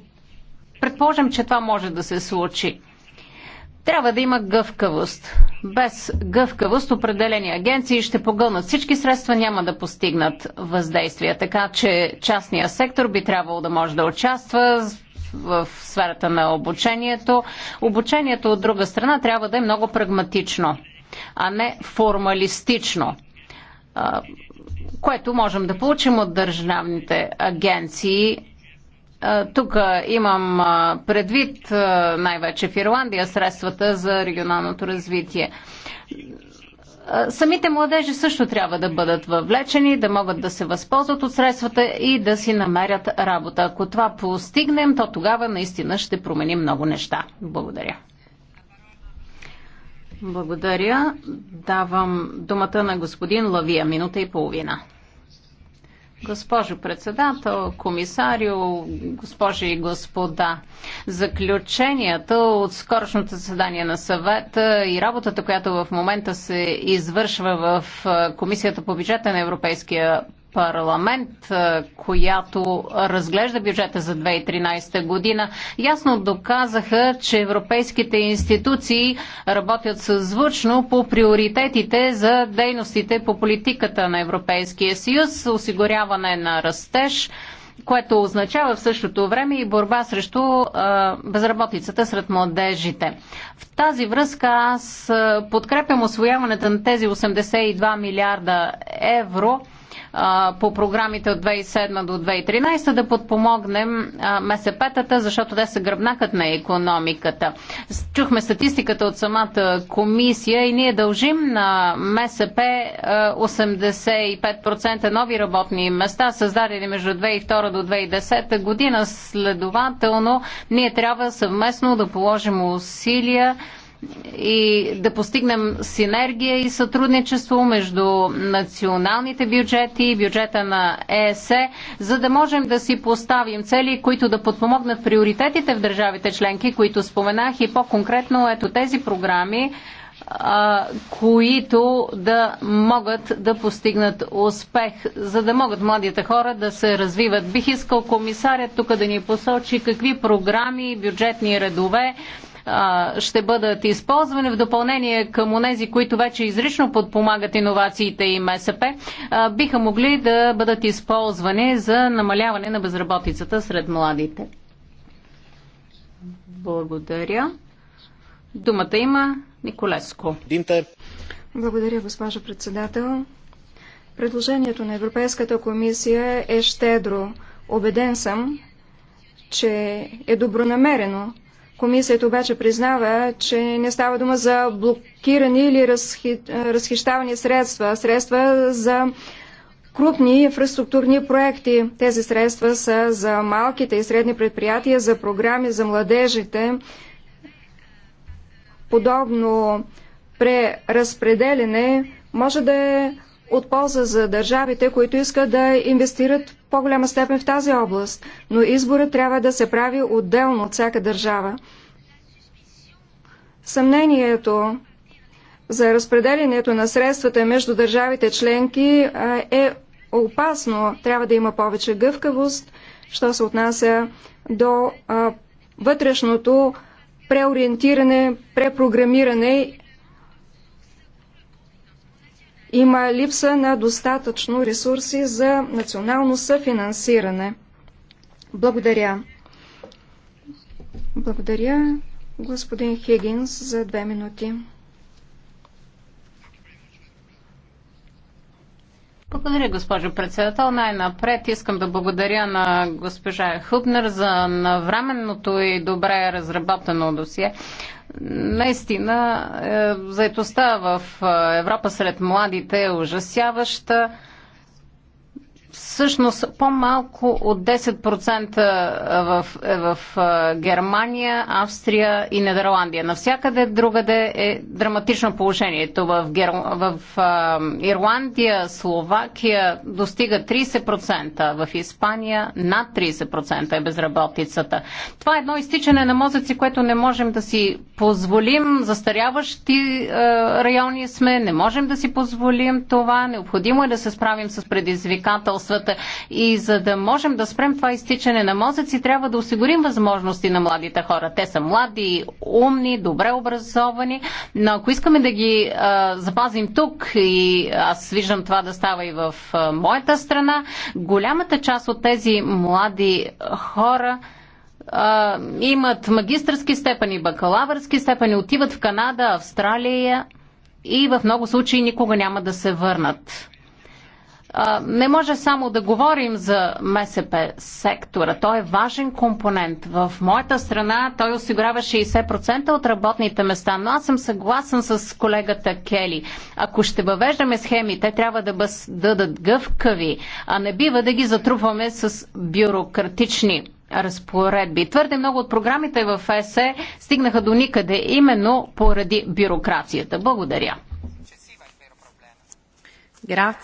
предположим, че това може да се случи, трябва да има гъвкавост. Без гъвкавост определени агенции ще погълнат всички средства, няма да постигнат въздействие. Така че частния сектор би трябвало да може да участва в сферата на обучението. Обучението от друга страна трябва да е много прагматично, а не формалистично което можем да получим от държавните агенции тук имам предвид най-вече в Ирландия средствата за регионалното развитие. Самите младежи също трябва да бъдат въвлечени, да могат да се възползват от средствата и да си намерят работа. Ако това постигнем, то тогава наистина ще променим много неща. Благодаря. Благодаря. Давам думата на господин Лавия. Минута и половина. Госпожо председател, комисарио, госпожи и господа, заключенията от скорошното заседание на съвета и работата, която в момента се извършва в Комисията по бюджета на Европейския парламент, е, която разглежда бюджета за 2013 година, ясно доказаха, че европейските институции работят съзвучно по приоритетите за дейностите по политиката на Европейския съюз, осигуряване на растеж, което означава в същото време и борба срещу а, е, безработицата сред младежите. В тази връзка аз е, подкрепям освояването на тези 82 милиарда евро по програмите от 2007 до 2013 да подпомогнем МСП-тата, защото те са гръбнакът на економиката. Чухме статистиката от самата комисия и ние дължим на МСП 85% нови работни места, създадени между 2002 до 2010 година. Следователно, ние трябва съвместно да положим усилия и да постигнем синергия и сътрудничество между националните бюджети и бюджета на ЕСЕ, за да можем да си поставим цели, които да подпомогнат приоритетите в държавите членки, които споменах и по-конкретно ето тези програми, които да могат да постигнат успех, за да могат младите хора да се развиват. Бих искал комисарят тук да ни посочи какви програми, бюджетни редове ще бъдат използвани в допълнение към онези, които вече изрично подпомагат иновациите и МСП, биха могли да бъдат използвани за намаляване на безработицата сред младите. Благодаря. Думата има Николеско. Благодаря, госпожа председател. Предложението на Европейската комисия е щедро. Обеден съм, че е добронамерено, Комисията обаче признава, че не става дума за блокирани или разхи... разхищавани средства, средства за крупни инфраструктурни проекти. Тези средства са за малките и средни предприятия, за програми за младежите. Подобно преразпределене може да е от полза за държавите, които искат да инвестират в по-голяма степен в тази област, но изборът трябва да се прави отделно от всяка държава. Съмнението за разпределението на средствата между държавите членки е опасно. Трябва да има повече гъвкавост, що се отнася до вътрешното преориентиране, препрограмиране има липса на достатъчно ресурси за национално съфинансиране. Благодаря. Благодаря, господин Хигинс, за две минути. Благодаря, госпожо председател. Най-напред искам да благодаря на госпожа Хубнер за навременното и добре разработено досие. Наистина, е, заетостта в е, Европа сред младите е ужасяваща всъщност по-малко от 10% в, е в е, Германия, Австрия и Нидерландия. Навсякъде другаде е драматично положението. В, Гер... в е, Ирландия, Словакия достига 30%, в Испания над 30% е безработицата. Това е едно изтичане на мозъци, което не можем да си позволим. Застаряващи райони сме, не можем да си позволим това. Необходимо е да се справим с предизвикателството обстоятелствата. И за да можем да спрем това изтичане на мозъци, трябва да осигурим възможности на младите хора. Те са млади, умни, добре образовани, но ако искаме да ги а, запазим тук, и аз виждам това да става и в а, моята страна, голямата част от тези млади хора а, имат магистърски степени, бакалавърски степени, отиват в Канада, Австралия и в много случаи никога няма да се върнат не може само да говорим за МСП сектора. Той е важен компонент. В моята страна той осигурява 60% от работните места, но аз съм съгласен с колегата Кели. Ако ще въвеждаме схеми, те трябва да бъдат гъвкави, а не бива да ги затрупваме с бюрократични разпоредби. Твърде много от програмите в ЕСЕ стигнаха до никъде именно поради бюрокрацията. Благодаря. Благодаря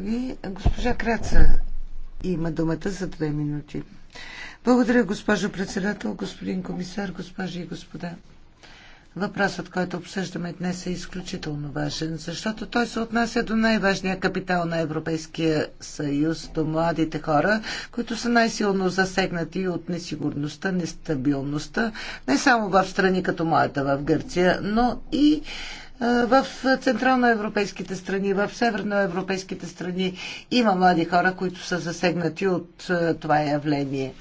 ви. Госпожа Краца има думата за две минути. Благодаря, госпожо председател, господин комисар, госпожи и господа. Въпросът, който обсъждаме днес е изключително важен, защото той се отнася до най-важния капитал на Европейския съюз, до младите хора, които са най-силно засегнати от несигурността, нестабилността, не само в страни като моята в Гърция, но и в централноевропейските страни, в северноевропейските страни има млади хора, които са засегнати от това явление.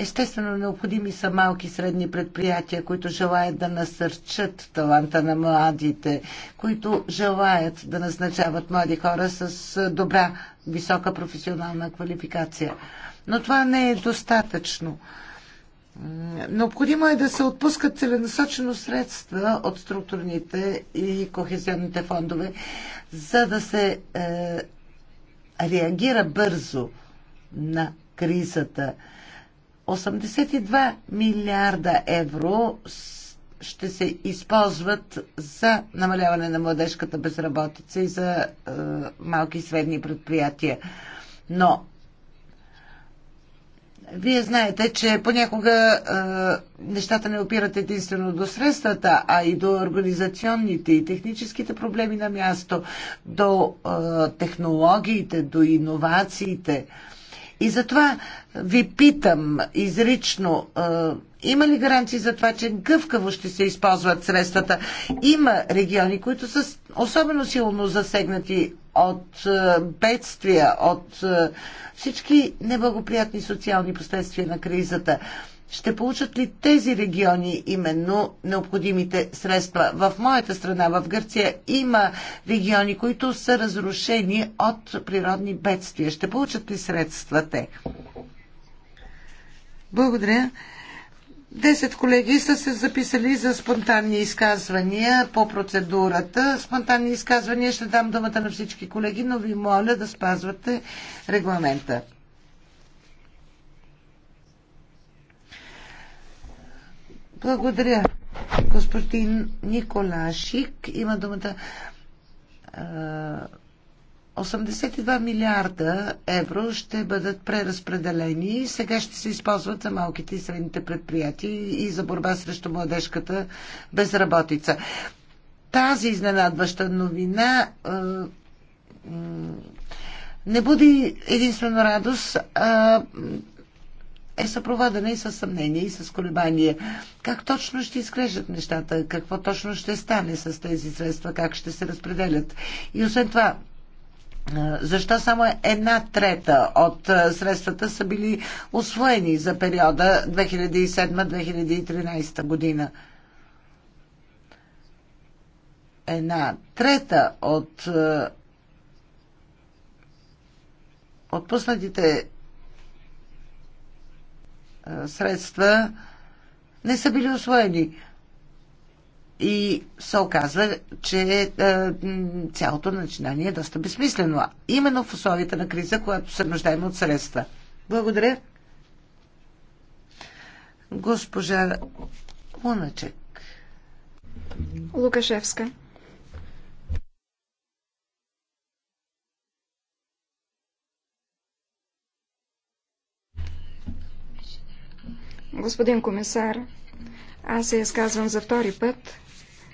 Естествено, необходими са малки средни предприятия, които желаят да насърчат таланта на младите, които желаят да назначават млади хора с добра, висока професионална квалификация. Но това не е достатъчно. Необходимо е да се отпускат целенасочено средства от структурните и кохезионните фондове, за да се е, реагира бързо на кризата. 82 милиарда евро ще се използват за намаляване на младежката безработица и за е, малки и средни предприятия. Но вие знаете, че понякога е, нещата не опират единствено до средствата, а и до организационните и техническите проблеми на място, до е, технологиите, до иновациите. Е, и затова ви питам изрично, има ли гаранции за това, че гъвкаво ще се използват средствата? Има региони, които са особено силно засегнати от бедствия, от всички неблагоприятни социални последствия на кризата ще получат ли тези региони именно необходимите средства? В моята страна, в Гърция, има региони, които са разрушени от природни бедствия. Ще получат ли средства те? Благодаря. Десет колеги са се записали за спонтанни изказвания по процедурата. Спонтанни изказвания ще дам думата на всички колеги, но ви моля да спазвате регламента. Благодаря. Господин Николашик има думата. 82 милиарда евро ще бъдат преразпределени и сега ще се използват за малките и средните предприятия и за борба срещу младежката безработица. Тази изненадваща новина не буди единствено радост, а е съпроводена и с съмнение, и с колебание. Как точно ще изглеждат нещата, какво точно ще стане с тези средства, как ще се разпределят. И освен това, защо само една трета от средствата са били освоени за периода 2007-2013 година? Една трета от отпуснатите средства не са били освоени. И се оказа, че е, цялото начинание е доста безсмислено. Именно в условията на криза, когато се нуждаем от средства. Благодаря. Госпожа Луначек. Лукашевска. Господин комисар, аз се изказвам за втори път,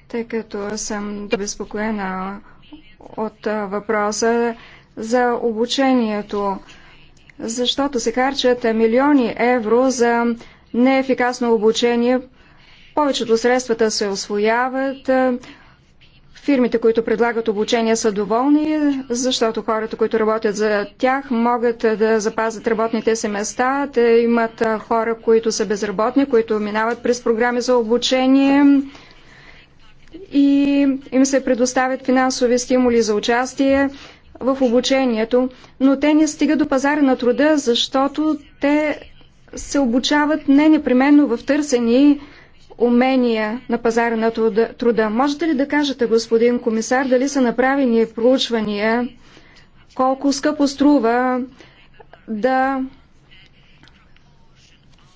тъй като съм обезпокоена от въпроса за обучението, защото се харчат милиони евро за неефикасно обучение. Повечето средствата се освояват, Фирмите, които предлагат обучение, са доволни, защото хората, които работят за тях, могат да запазят работните си места. Те имат хора, които са безработни, които минават през програми за обучение и им се предоставят финансови стимули за участие в обучението, но те не стигат до пазара на труда, защото те се обучават не непременно в търсени умения на пазара на труда. Можете ли да кажете, господин комисар, дали са направени проучвания, колко скъпо струва да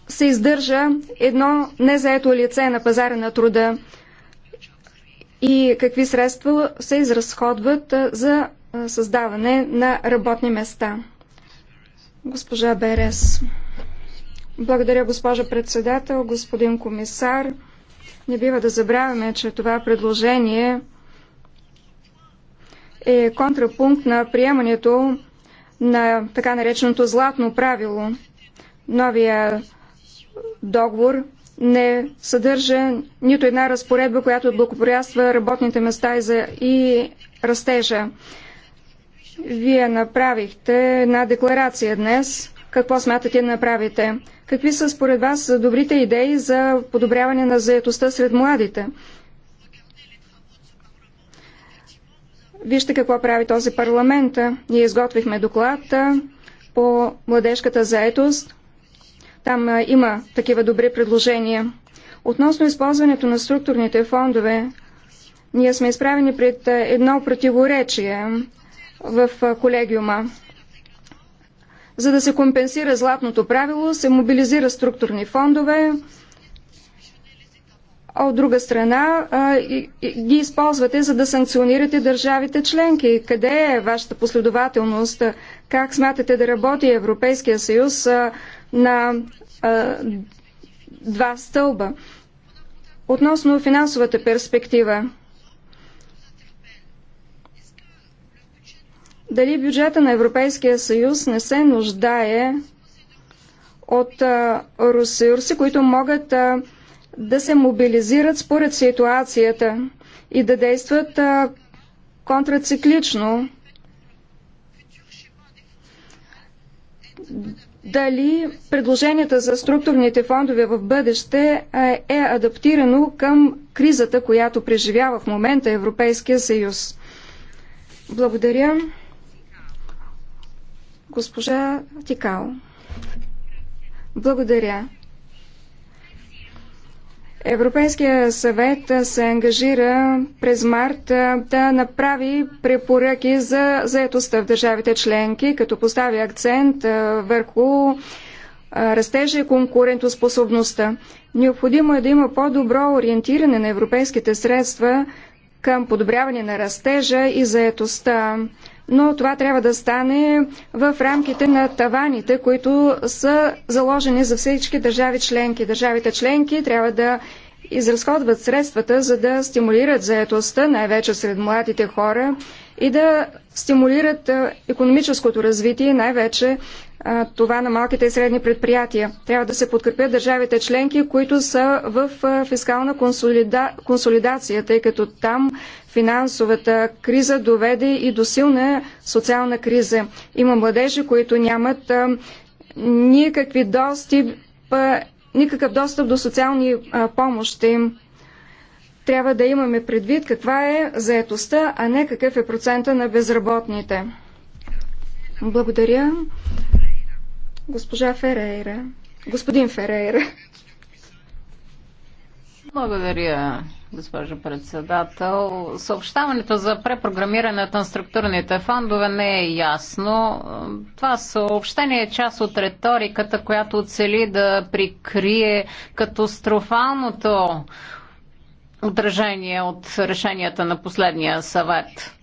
се издържа едно незаето лице на пазара на труда и какви средства се изразходват за създаване на работни места. Госпожа Берес. Благодаря, госпожа председател, господин комисар. Не бива да забравяме, че това предложение е контрапункт на приемането на така нареченото златно правило. Новия договор не съдържа нито една разпоредба, която благоприятства работните места и, за, и растежа. Вие направихте една декларация днес, какво смятате да направите? Какви са според вас добрите идеи за подобряване на заетостта сред младите? Вижте какво прави този парламент. Ние изготвихме доклад по младежката заетост. Там има такива добри предложения. Относно използването на структурните фондове, ние сме изправени пред едно противоречие в колегиума. За да се компенсира златното правило, се мобилизира структурни фондове, а от друга страна а, и, и, ги използвате, за да санкционирате държавите членки. Къде е вашата последователност? Как смятате да работи Европейския съюз а, на а, два стълба? Относно финансовата перспектива, дали бюджета на Европейския съюз не се нуждае от ресурси, които могат да се мобилизират според ситуацията и да действат контрациклично. Дали предложенията за структурните фондове в бъдеще е адаптирано към кризата, която преживява в момента Европейския съюз? Благодаря. Госпожа Тикао. Благодаря. Европейския съвет се ангажира през март да направи препоръки за заетостта в държавите членки, като постави акцент върху растежа и конкурентоспособността. Необходимо е да има по-добро ориентиране на европейските средства към подобряване на растежа и заетостта но това трябва да стане в рамките на таваните, които са заложени за всички държави членки. Държавите членки трябва да изразходват средствата, за да стимулират заетостта, най-вече сред младите хора, и да стимулират економическото развитие, най-вече това на малките и средни предприятия. Трябва да се подкрепят държавите членки, които са в фискална консолида... консолидация, тъй като там финансовата криза доведе и до силна социална криза. Има младежи, които нямат никакви достъп, никакъв достъп до социални помощи трябва да имаме предвид каква е заетостта, а не какъв е процента на безработните. Благодаря. Госпожа Ферейра. Господин Ферейра. Благодаря, госпожо председател. Съобщаването за препрограмирането на структурните фондове не е ясно. Това съобщение е част от риториката, която цели да прикрие катастрофалното отражение от решенията на последния съвет.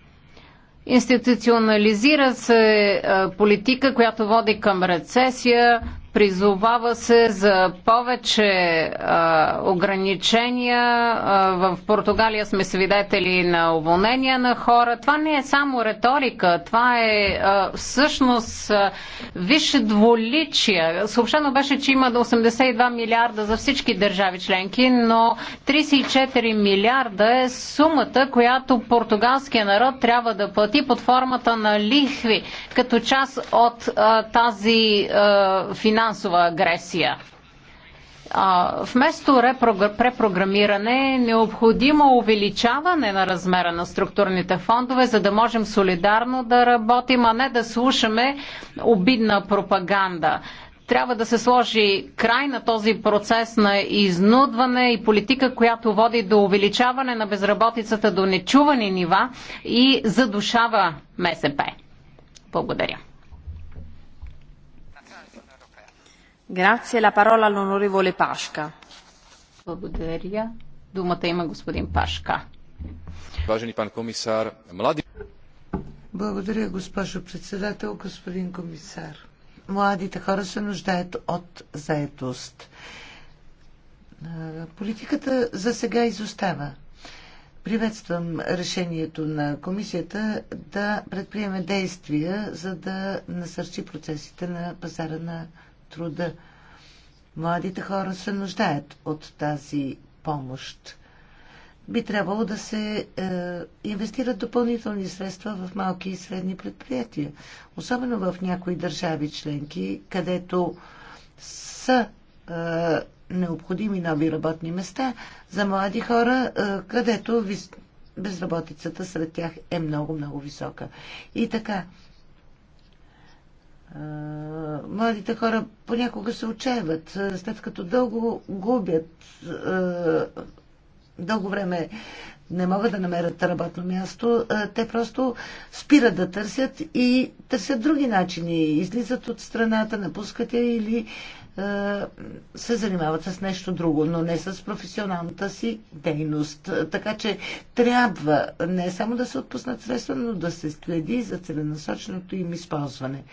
Институционализира се е, политика, която води към рецесия, Призовава се за повече а, ограничения. А, в Португалия сме свидетели на уволнения на хора. Това не е само риторика, това е а, всъщност висше дволичие. Съобщено беше, че има 82 милиарда за всички държави членки, но 34 милиарда е сумата, която португалския народ трябва да плати под формата на лихви, като част от а, тази а, финансова финансова агресия. А, вместо препрограмиране е необходимо увеличаване на размера на структурните фондове, за да можем солидарно да работим, а не да слушаме обидна пропаганда трябва да се сложи край на този процес на изнудване и политика, която води до увеличаване на безработицата до нечувани нива и задушава МСП. Благодаря. Благодаря. Думата има господин Пашка. Важен пан комисар, млади... Благодаря, госпожо председател, господин комисар. Младите хора се нуждаят от заетост. Политиката за сега изостава. Приветствам решението на комисията да предприеме действия, за да насърчи процесите на пазара на труда. Младите хора се нуждаят от тази помощ. Би трябвало да се е, инвестират допълнителни средства в малки и средни предприятия, особено в някои държави членки, където са е, необходими нови работни места за млади хора, е, където безработицата сред тях е много-много висока. И така, младите хора понякога се отчаиват, след като дълго губят, дълго време не могат да намерят работно място, те просто спират да търсят и търсят други начини. Излизат от страната, напускат я или се занимават с нещо друго, но не с професионалната си дейност. Така че трябва не само да се отпуснат средства, но да се следи за целенасоченото им използване.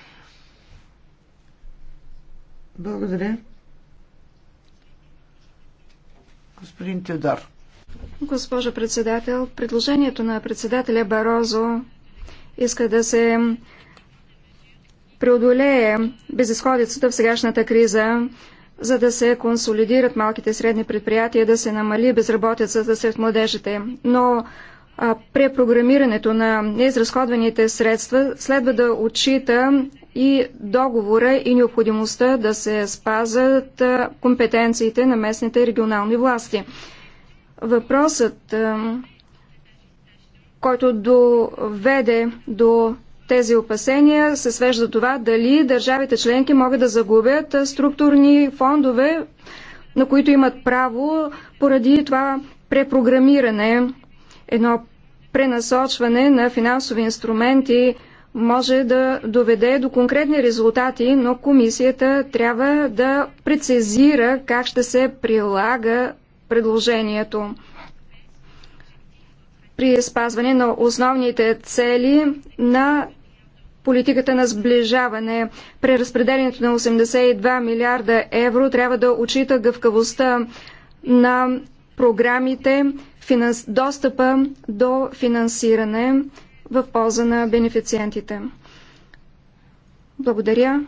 Благодаря. Господин Теодор. Госпожо председател, предложението на председателя Барозо иска да се преодолее безисходицата в сегашната криза, за да се консолидират малките и средни предприятия, да се намали безработицата сред младежите. Но препрограмирането на неизразходваните средства следва да отчита и договора и необходимостта да се спазат компетенциите на местните и регионални власти. Въпросът, който доведе до тези опасения, се свежда това дали държавите членки могат да загубят структурни фондове, на които имат право поради това препрограмиране, едно пренасочване на финансови инструменти, може да доведе до конкретни резултати, но комисията трябва да прецизира как ще се прилага предложението при спазване на основните цели на политиката на сближаване. Преразпределението на 82 милиарда евро трябва да очита гъвкавостта на програмите, достъпа до финансиране, в полза на бенефициентите. Благодаря.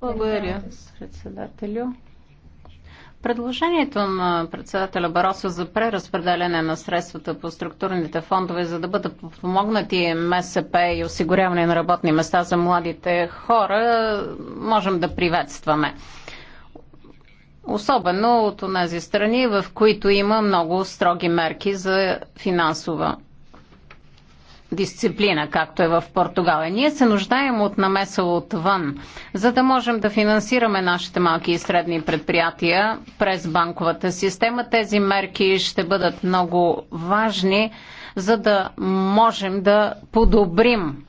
Благодаря, председателю. Предложението на председателя Бароса за преразпределение на средствата по структурните фондове, за да бъдат помогнати МСП и осигуряване на работни места за младите хора, можем да приветстваме особено от тези страни, в които има много строги мерки за финансова дисциплина, както е в Португалия. Ние се нуждаем от намеса отвън, за да можем да финансираме нашите малки и средни предприятия през банковата система. Тези мерки ще бъдат много важни, за да можем да подобрим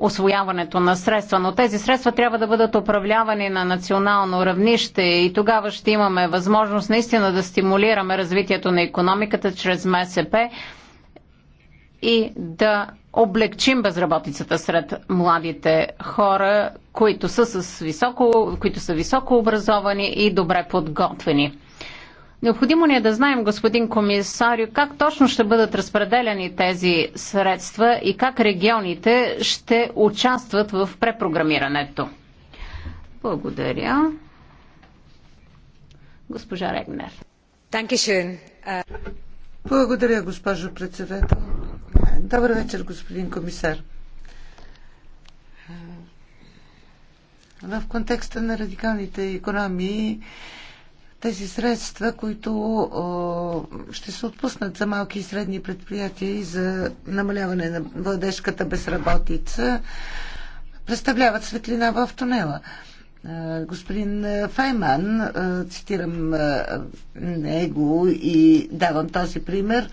освояването на средства, но тези средства трябва да бъдат управлявани на национално равнище и тогава ще имаме възможност наистина да стимулираме развитието на економиката чрез МСП и да облегчим безработицата сред младите хора, които са, с високо, които са високо образовани и добре подготвени. Необходимо ни е да знаем, господин комисарю, как точно ще бъдат разпределени тези средства и как регионите ще участват в препрограмирането. Благодаря. Госпожа Регнер. Благодаря, госпожо председател. Добър вечер, господин комисар. В контекста на радикалните економии тези средства, които ще се отпуснат за малки и средни предприятия и за намаляване на младежката безработица, представляват светлина в тунела. Господин Файман, цитирам него и давам този пример,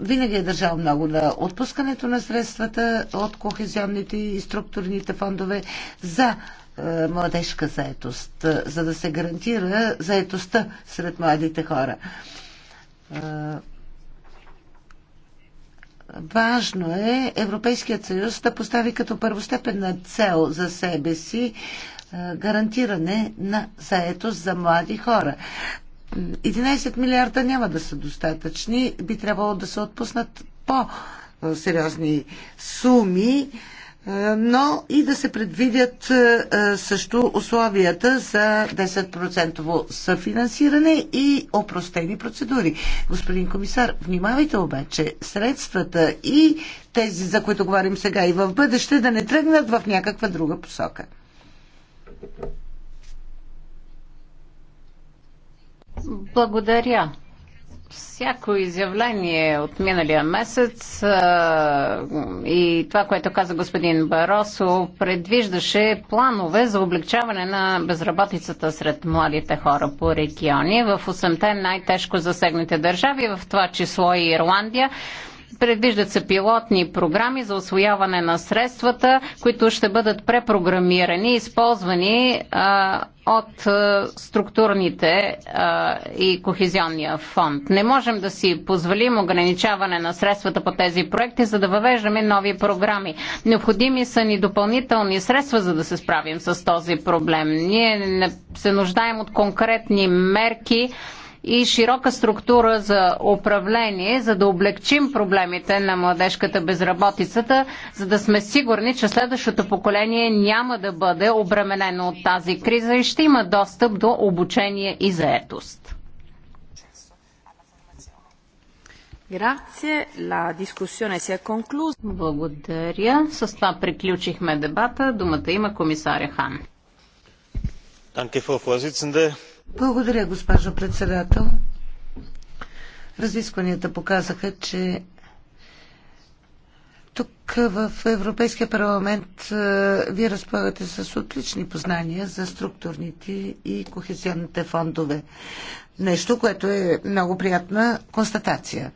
винаги е държал много на отпускането на средствата от кохезионните и структурните фондове за е, младежка заетост, е, за да се гарантира заетостта сред младите хора. Е, важно е Европейският съюз да постави като първостепенна цел за себе си гарантиране на заетост за млади хора. 11 милиарда няма да са достатъчни. Би трябвало да се отпуснат по-сериозни суми е, но и да се предвидят е, е, също условията за 10% съфинансиране и опростени процедури. Господин комисар, внимавайте обаче средствата и тези, за които говорим сега и в бъдеще, да не тръгнат в някаква друга посока. Благодаря всяко изявление от миналия месец а, и това, което каза господин Баросо, предвиждаше планове за облегчаване на безработицата сред младите хора по региони в 8-те най-тежко засегнати държави, в това число и Ирландия. Предвиждат се пилотни програми за освояване на средствата, които ще бъдат препрограмирани и използвани а, от а, структурните а, и кохезионния фонд. Не можем да си позволим ограничаване на средствата по тези проекти, за да въвеждаме нови програми. Необходими са ни допълнителни средства, за да се справим с този проблем. Ние се нуждаем от конкретни мерки, и широка структура за управление, за да облегчим проблемите на младежката безработицата, за да сме сигурни, че следващото поколение няма да бъде обременено от тази криза и ще има достъп до обучение и заетост. Благодаря. С това приключихме дебата. Думата има комисаря Хан. Danke, Frau Vorsitzende. Благодаря, госпожо председател. Разискванията показаха, че тук в Европейския парламент е, вие разполагате с отлични познания за структурните и кохезионните фондове. Нещо, което е много приятна констатация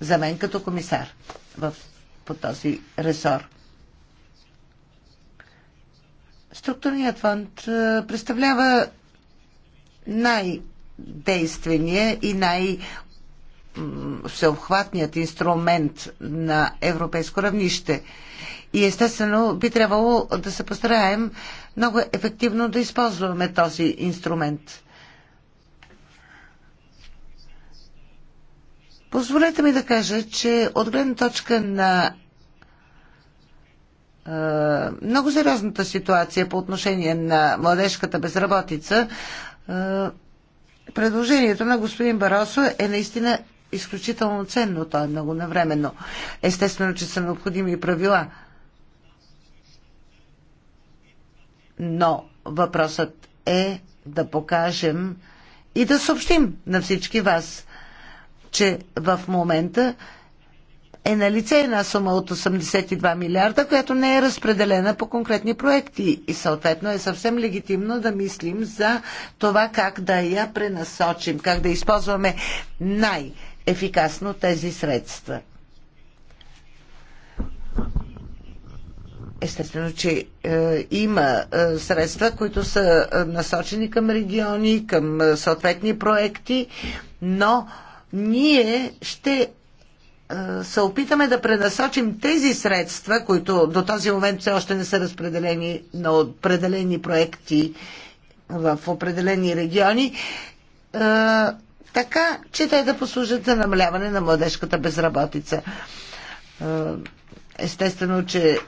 за мен като комисар в, по този ресор. Структурният фонд е, представлява най-действения и най- всеобхватният инструмент на европейско равнище. И естествено би трябвало да се постараем много ефективно да използваме този инструмент. Позволете ми да кажа, че от гледна точка на е, много сериозната ситуация по отношение на младежката безработица, Предложението на господин Баросо е наистина изключително ценно, то е много навременно. Естествено, че са необходими правила. Но въпросът е да покажем и да съобщим на всички вас, че в момента е на лице една сума от 82 милиарда, която не е разпределена по конкретни проекти и съответно е съвсем легитимно да мислим за това как да я пренасочим, как да използваме най-ефикасно тези средства. Естествено, че е, има е, средства, които са е, насочени към региони, към е, съответни проекти, но ние ще е, се опитаме да пренасочим тези средства, които до този момент все още не са разпределени на определени проекти в определени региони, е, така че те да послужат за намаляване на младежката безработица. Е, естествено, че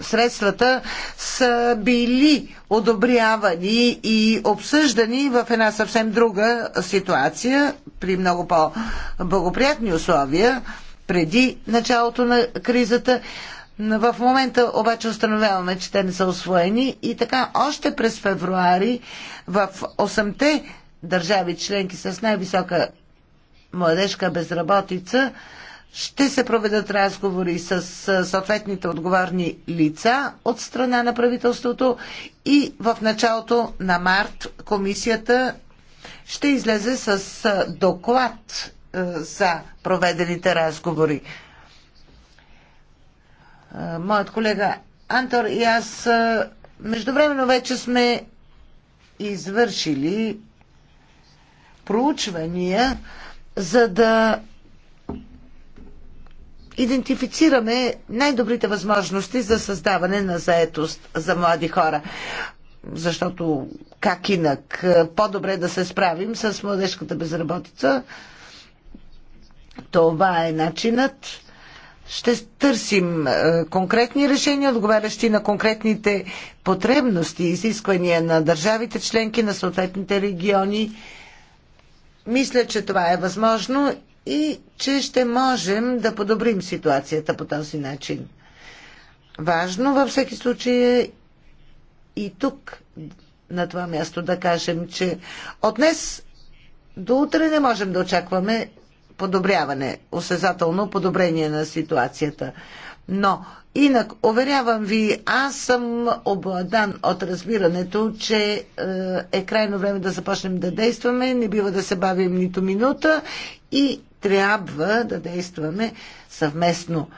средствата са били одобрявани и обсъждани в една съвсем друга ситуация, при много по-благоприятни условия, преди началото на кризата. В момента обаче установяваме, че те не са освоени и така още през февруари в 8-те държави членки с най-висока младежка безработица ще се проведат разговори с съответните отговорни лица от страна на правителството и в началото на март комисията ще излезе с доклад е, за проведените разговори. Е, моят колега Антор и аз е, междувременно вече сме извършили проучвания, за да идентифицираме най-добрите възможности за създаване на заетост за млади хора. Защото как инак по-добре да се справим с младежката безработица. Това е начинът. Ще търсим е, конкретни решения, отговарящи на конкретните потребности и изисквания на държавите членки, на съответните региони. Мисля, че това е възможно и че ще можем да подобрим ситуацията по този начин. Важно във всеки случай е и тук на това място да кажем, че от днес до утре не можем да очакваме подобряване, осезателно подобрение на ситуацията. Но, инак, уверявам ви, аз съм обладан от разбирането, че е, е крайно време да започнем да действаме, не бива да се бавим нито минута и трябва да действаме съвместно.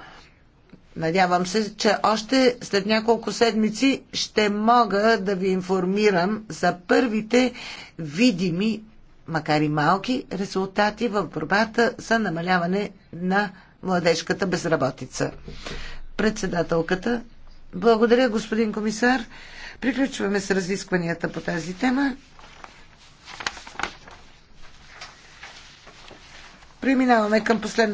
Надявам се, че още след няколко седмици ще мога да ви информирам за първите видими, макар и малки, резултати в борбата за намаляване на младежката безработица. Председателката, благодаря господин комисар. Приключваме с разискванията по тази тема. Преминаваме към последното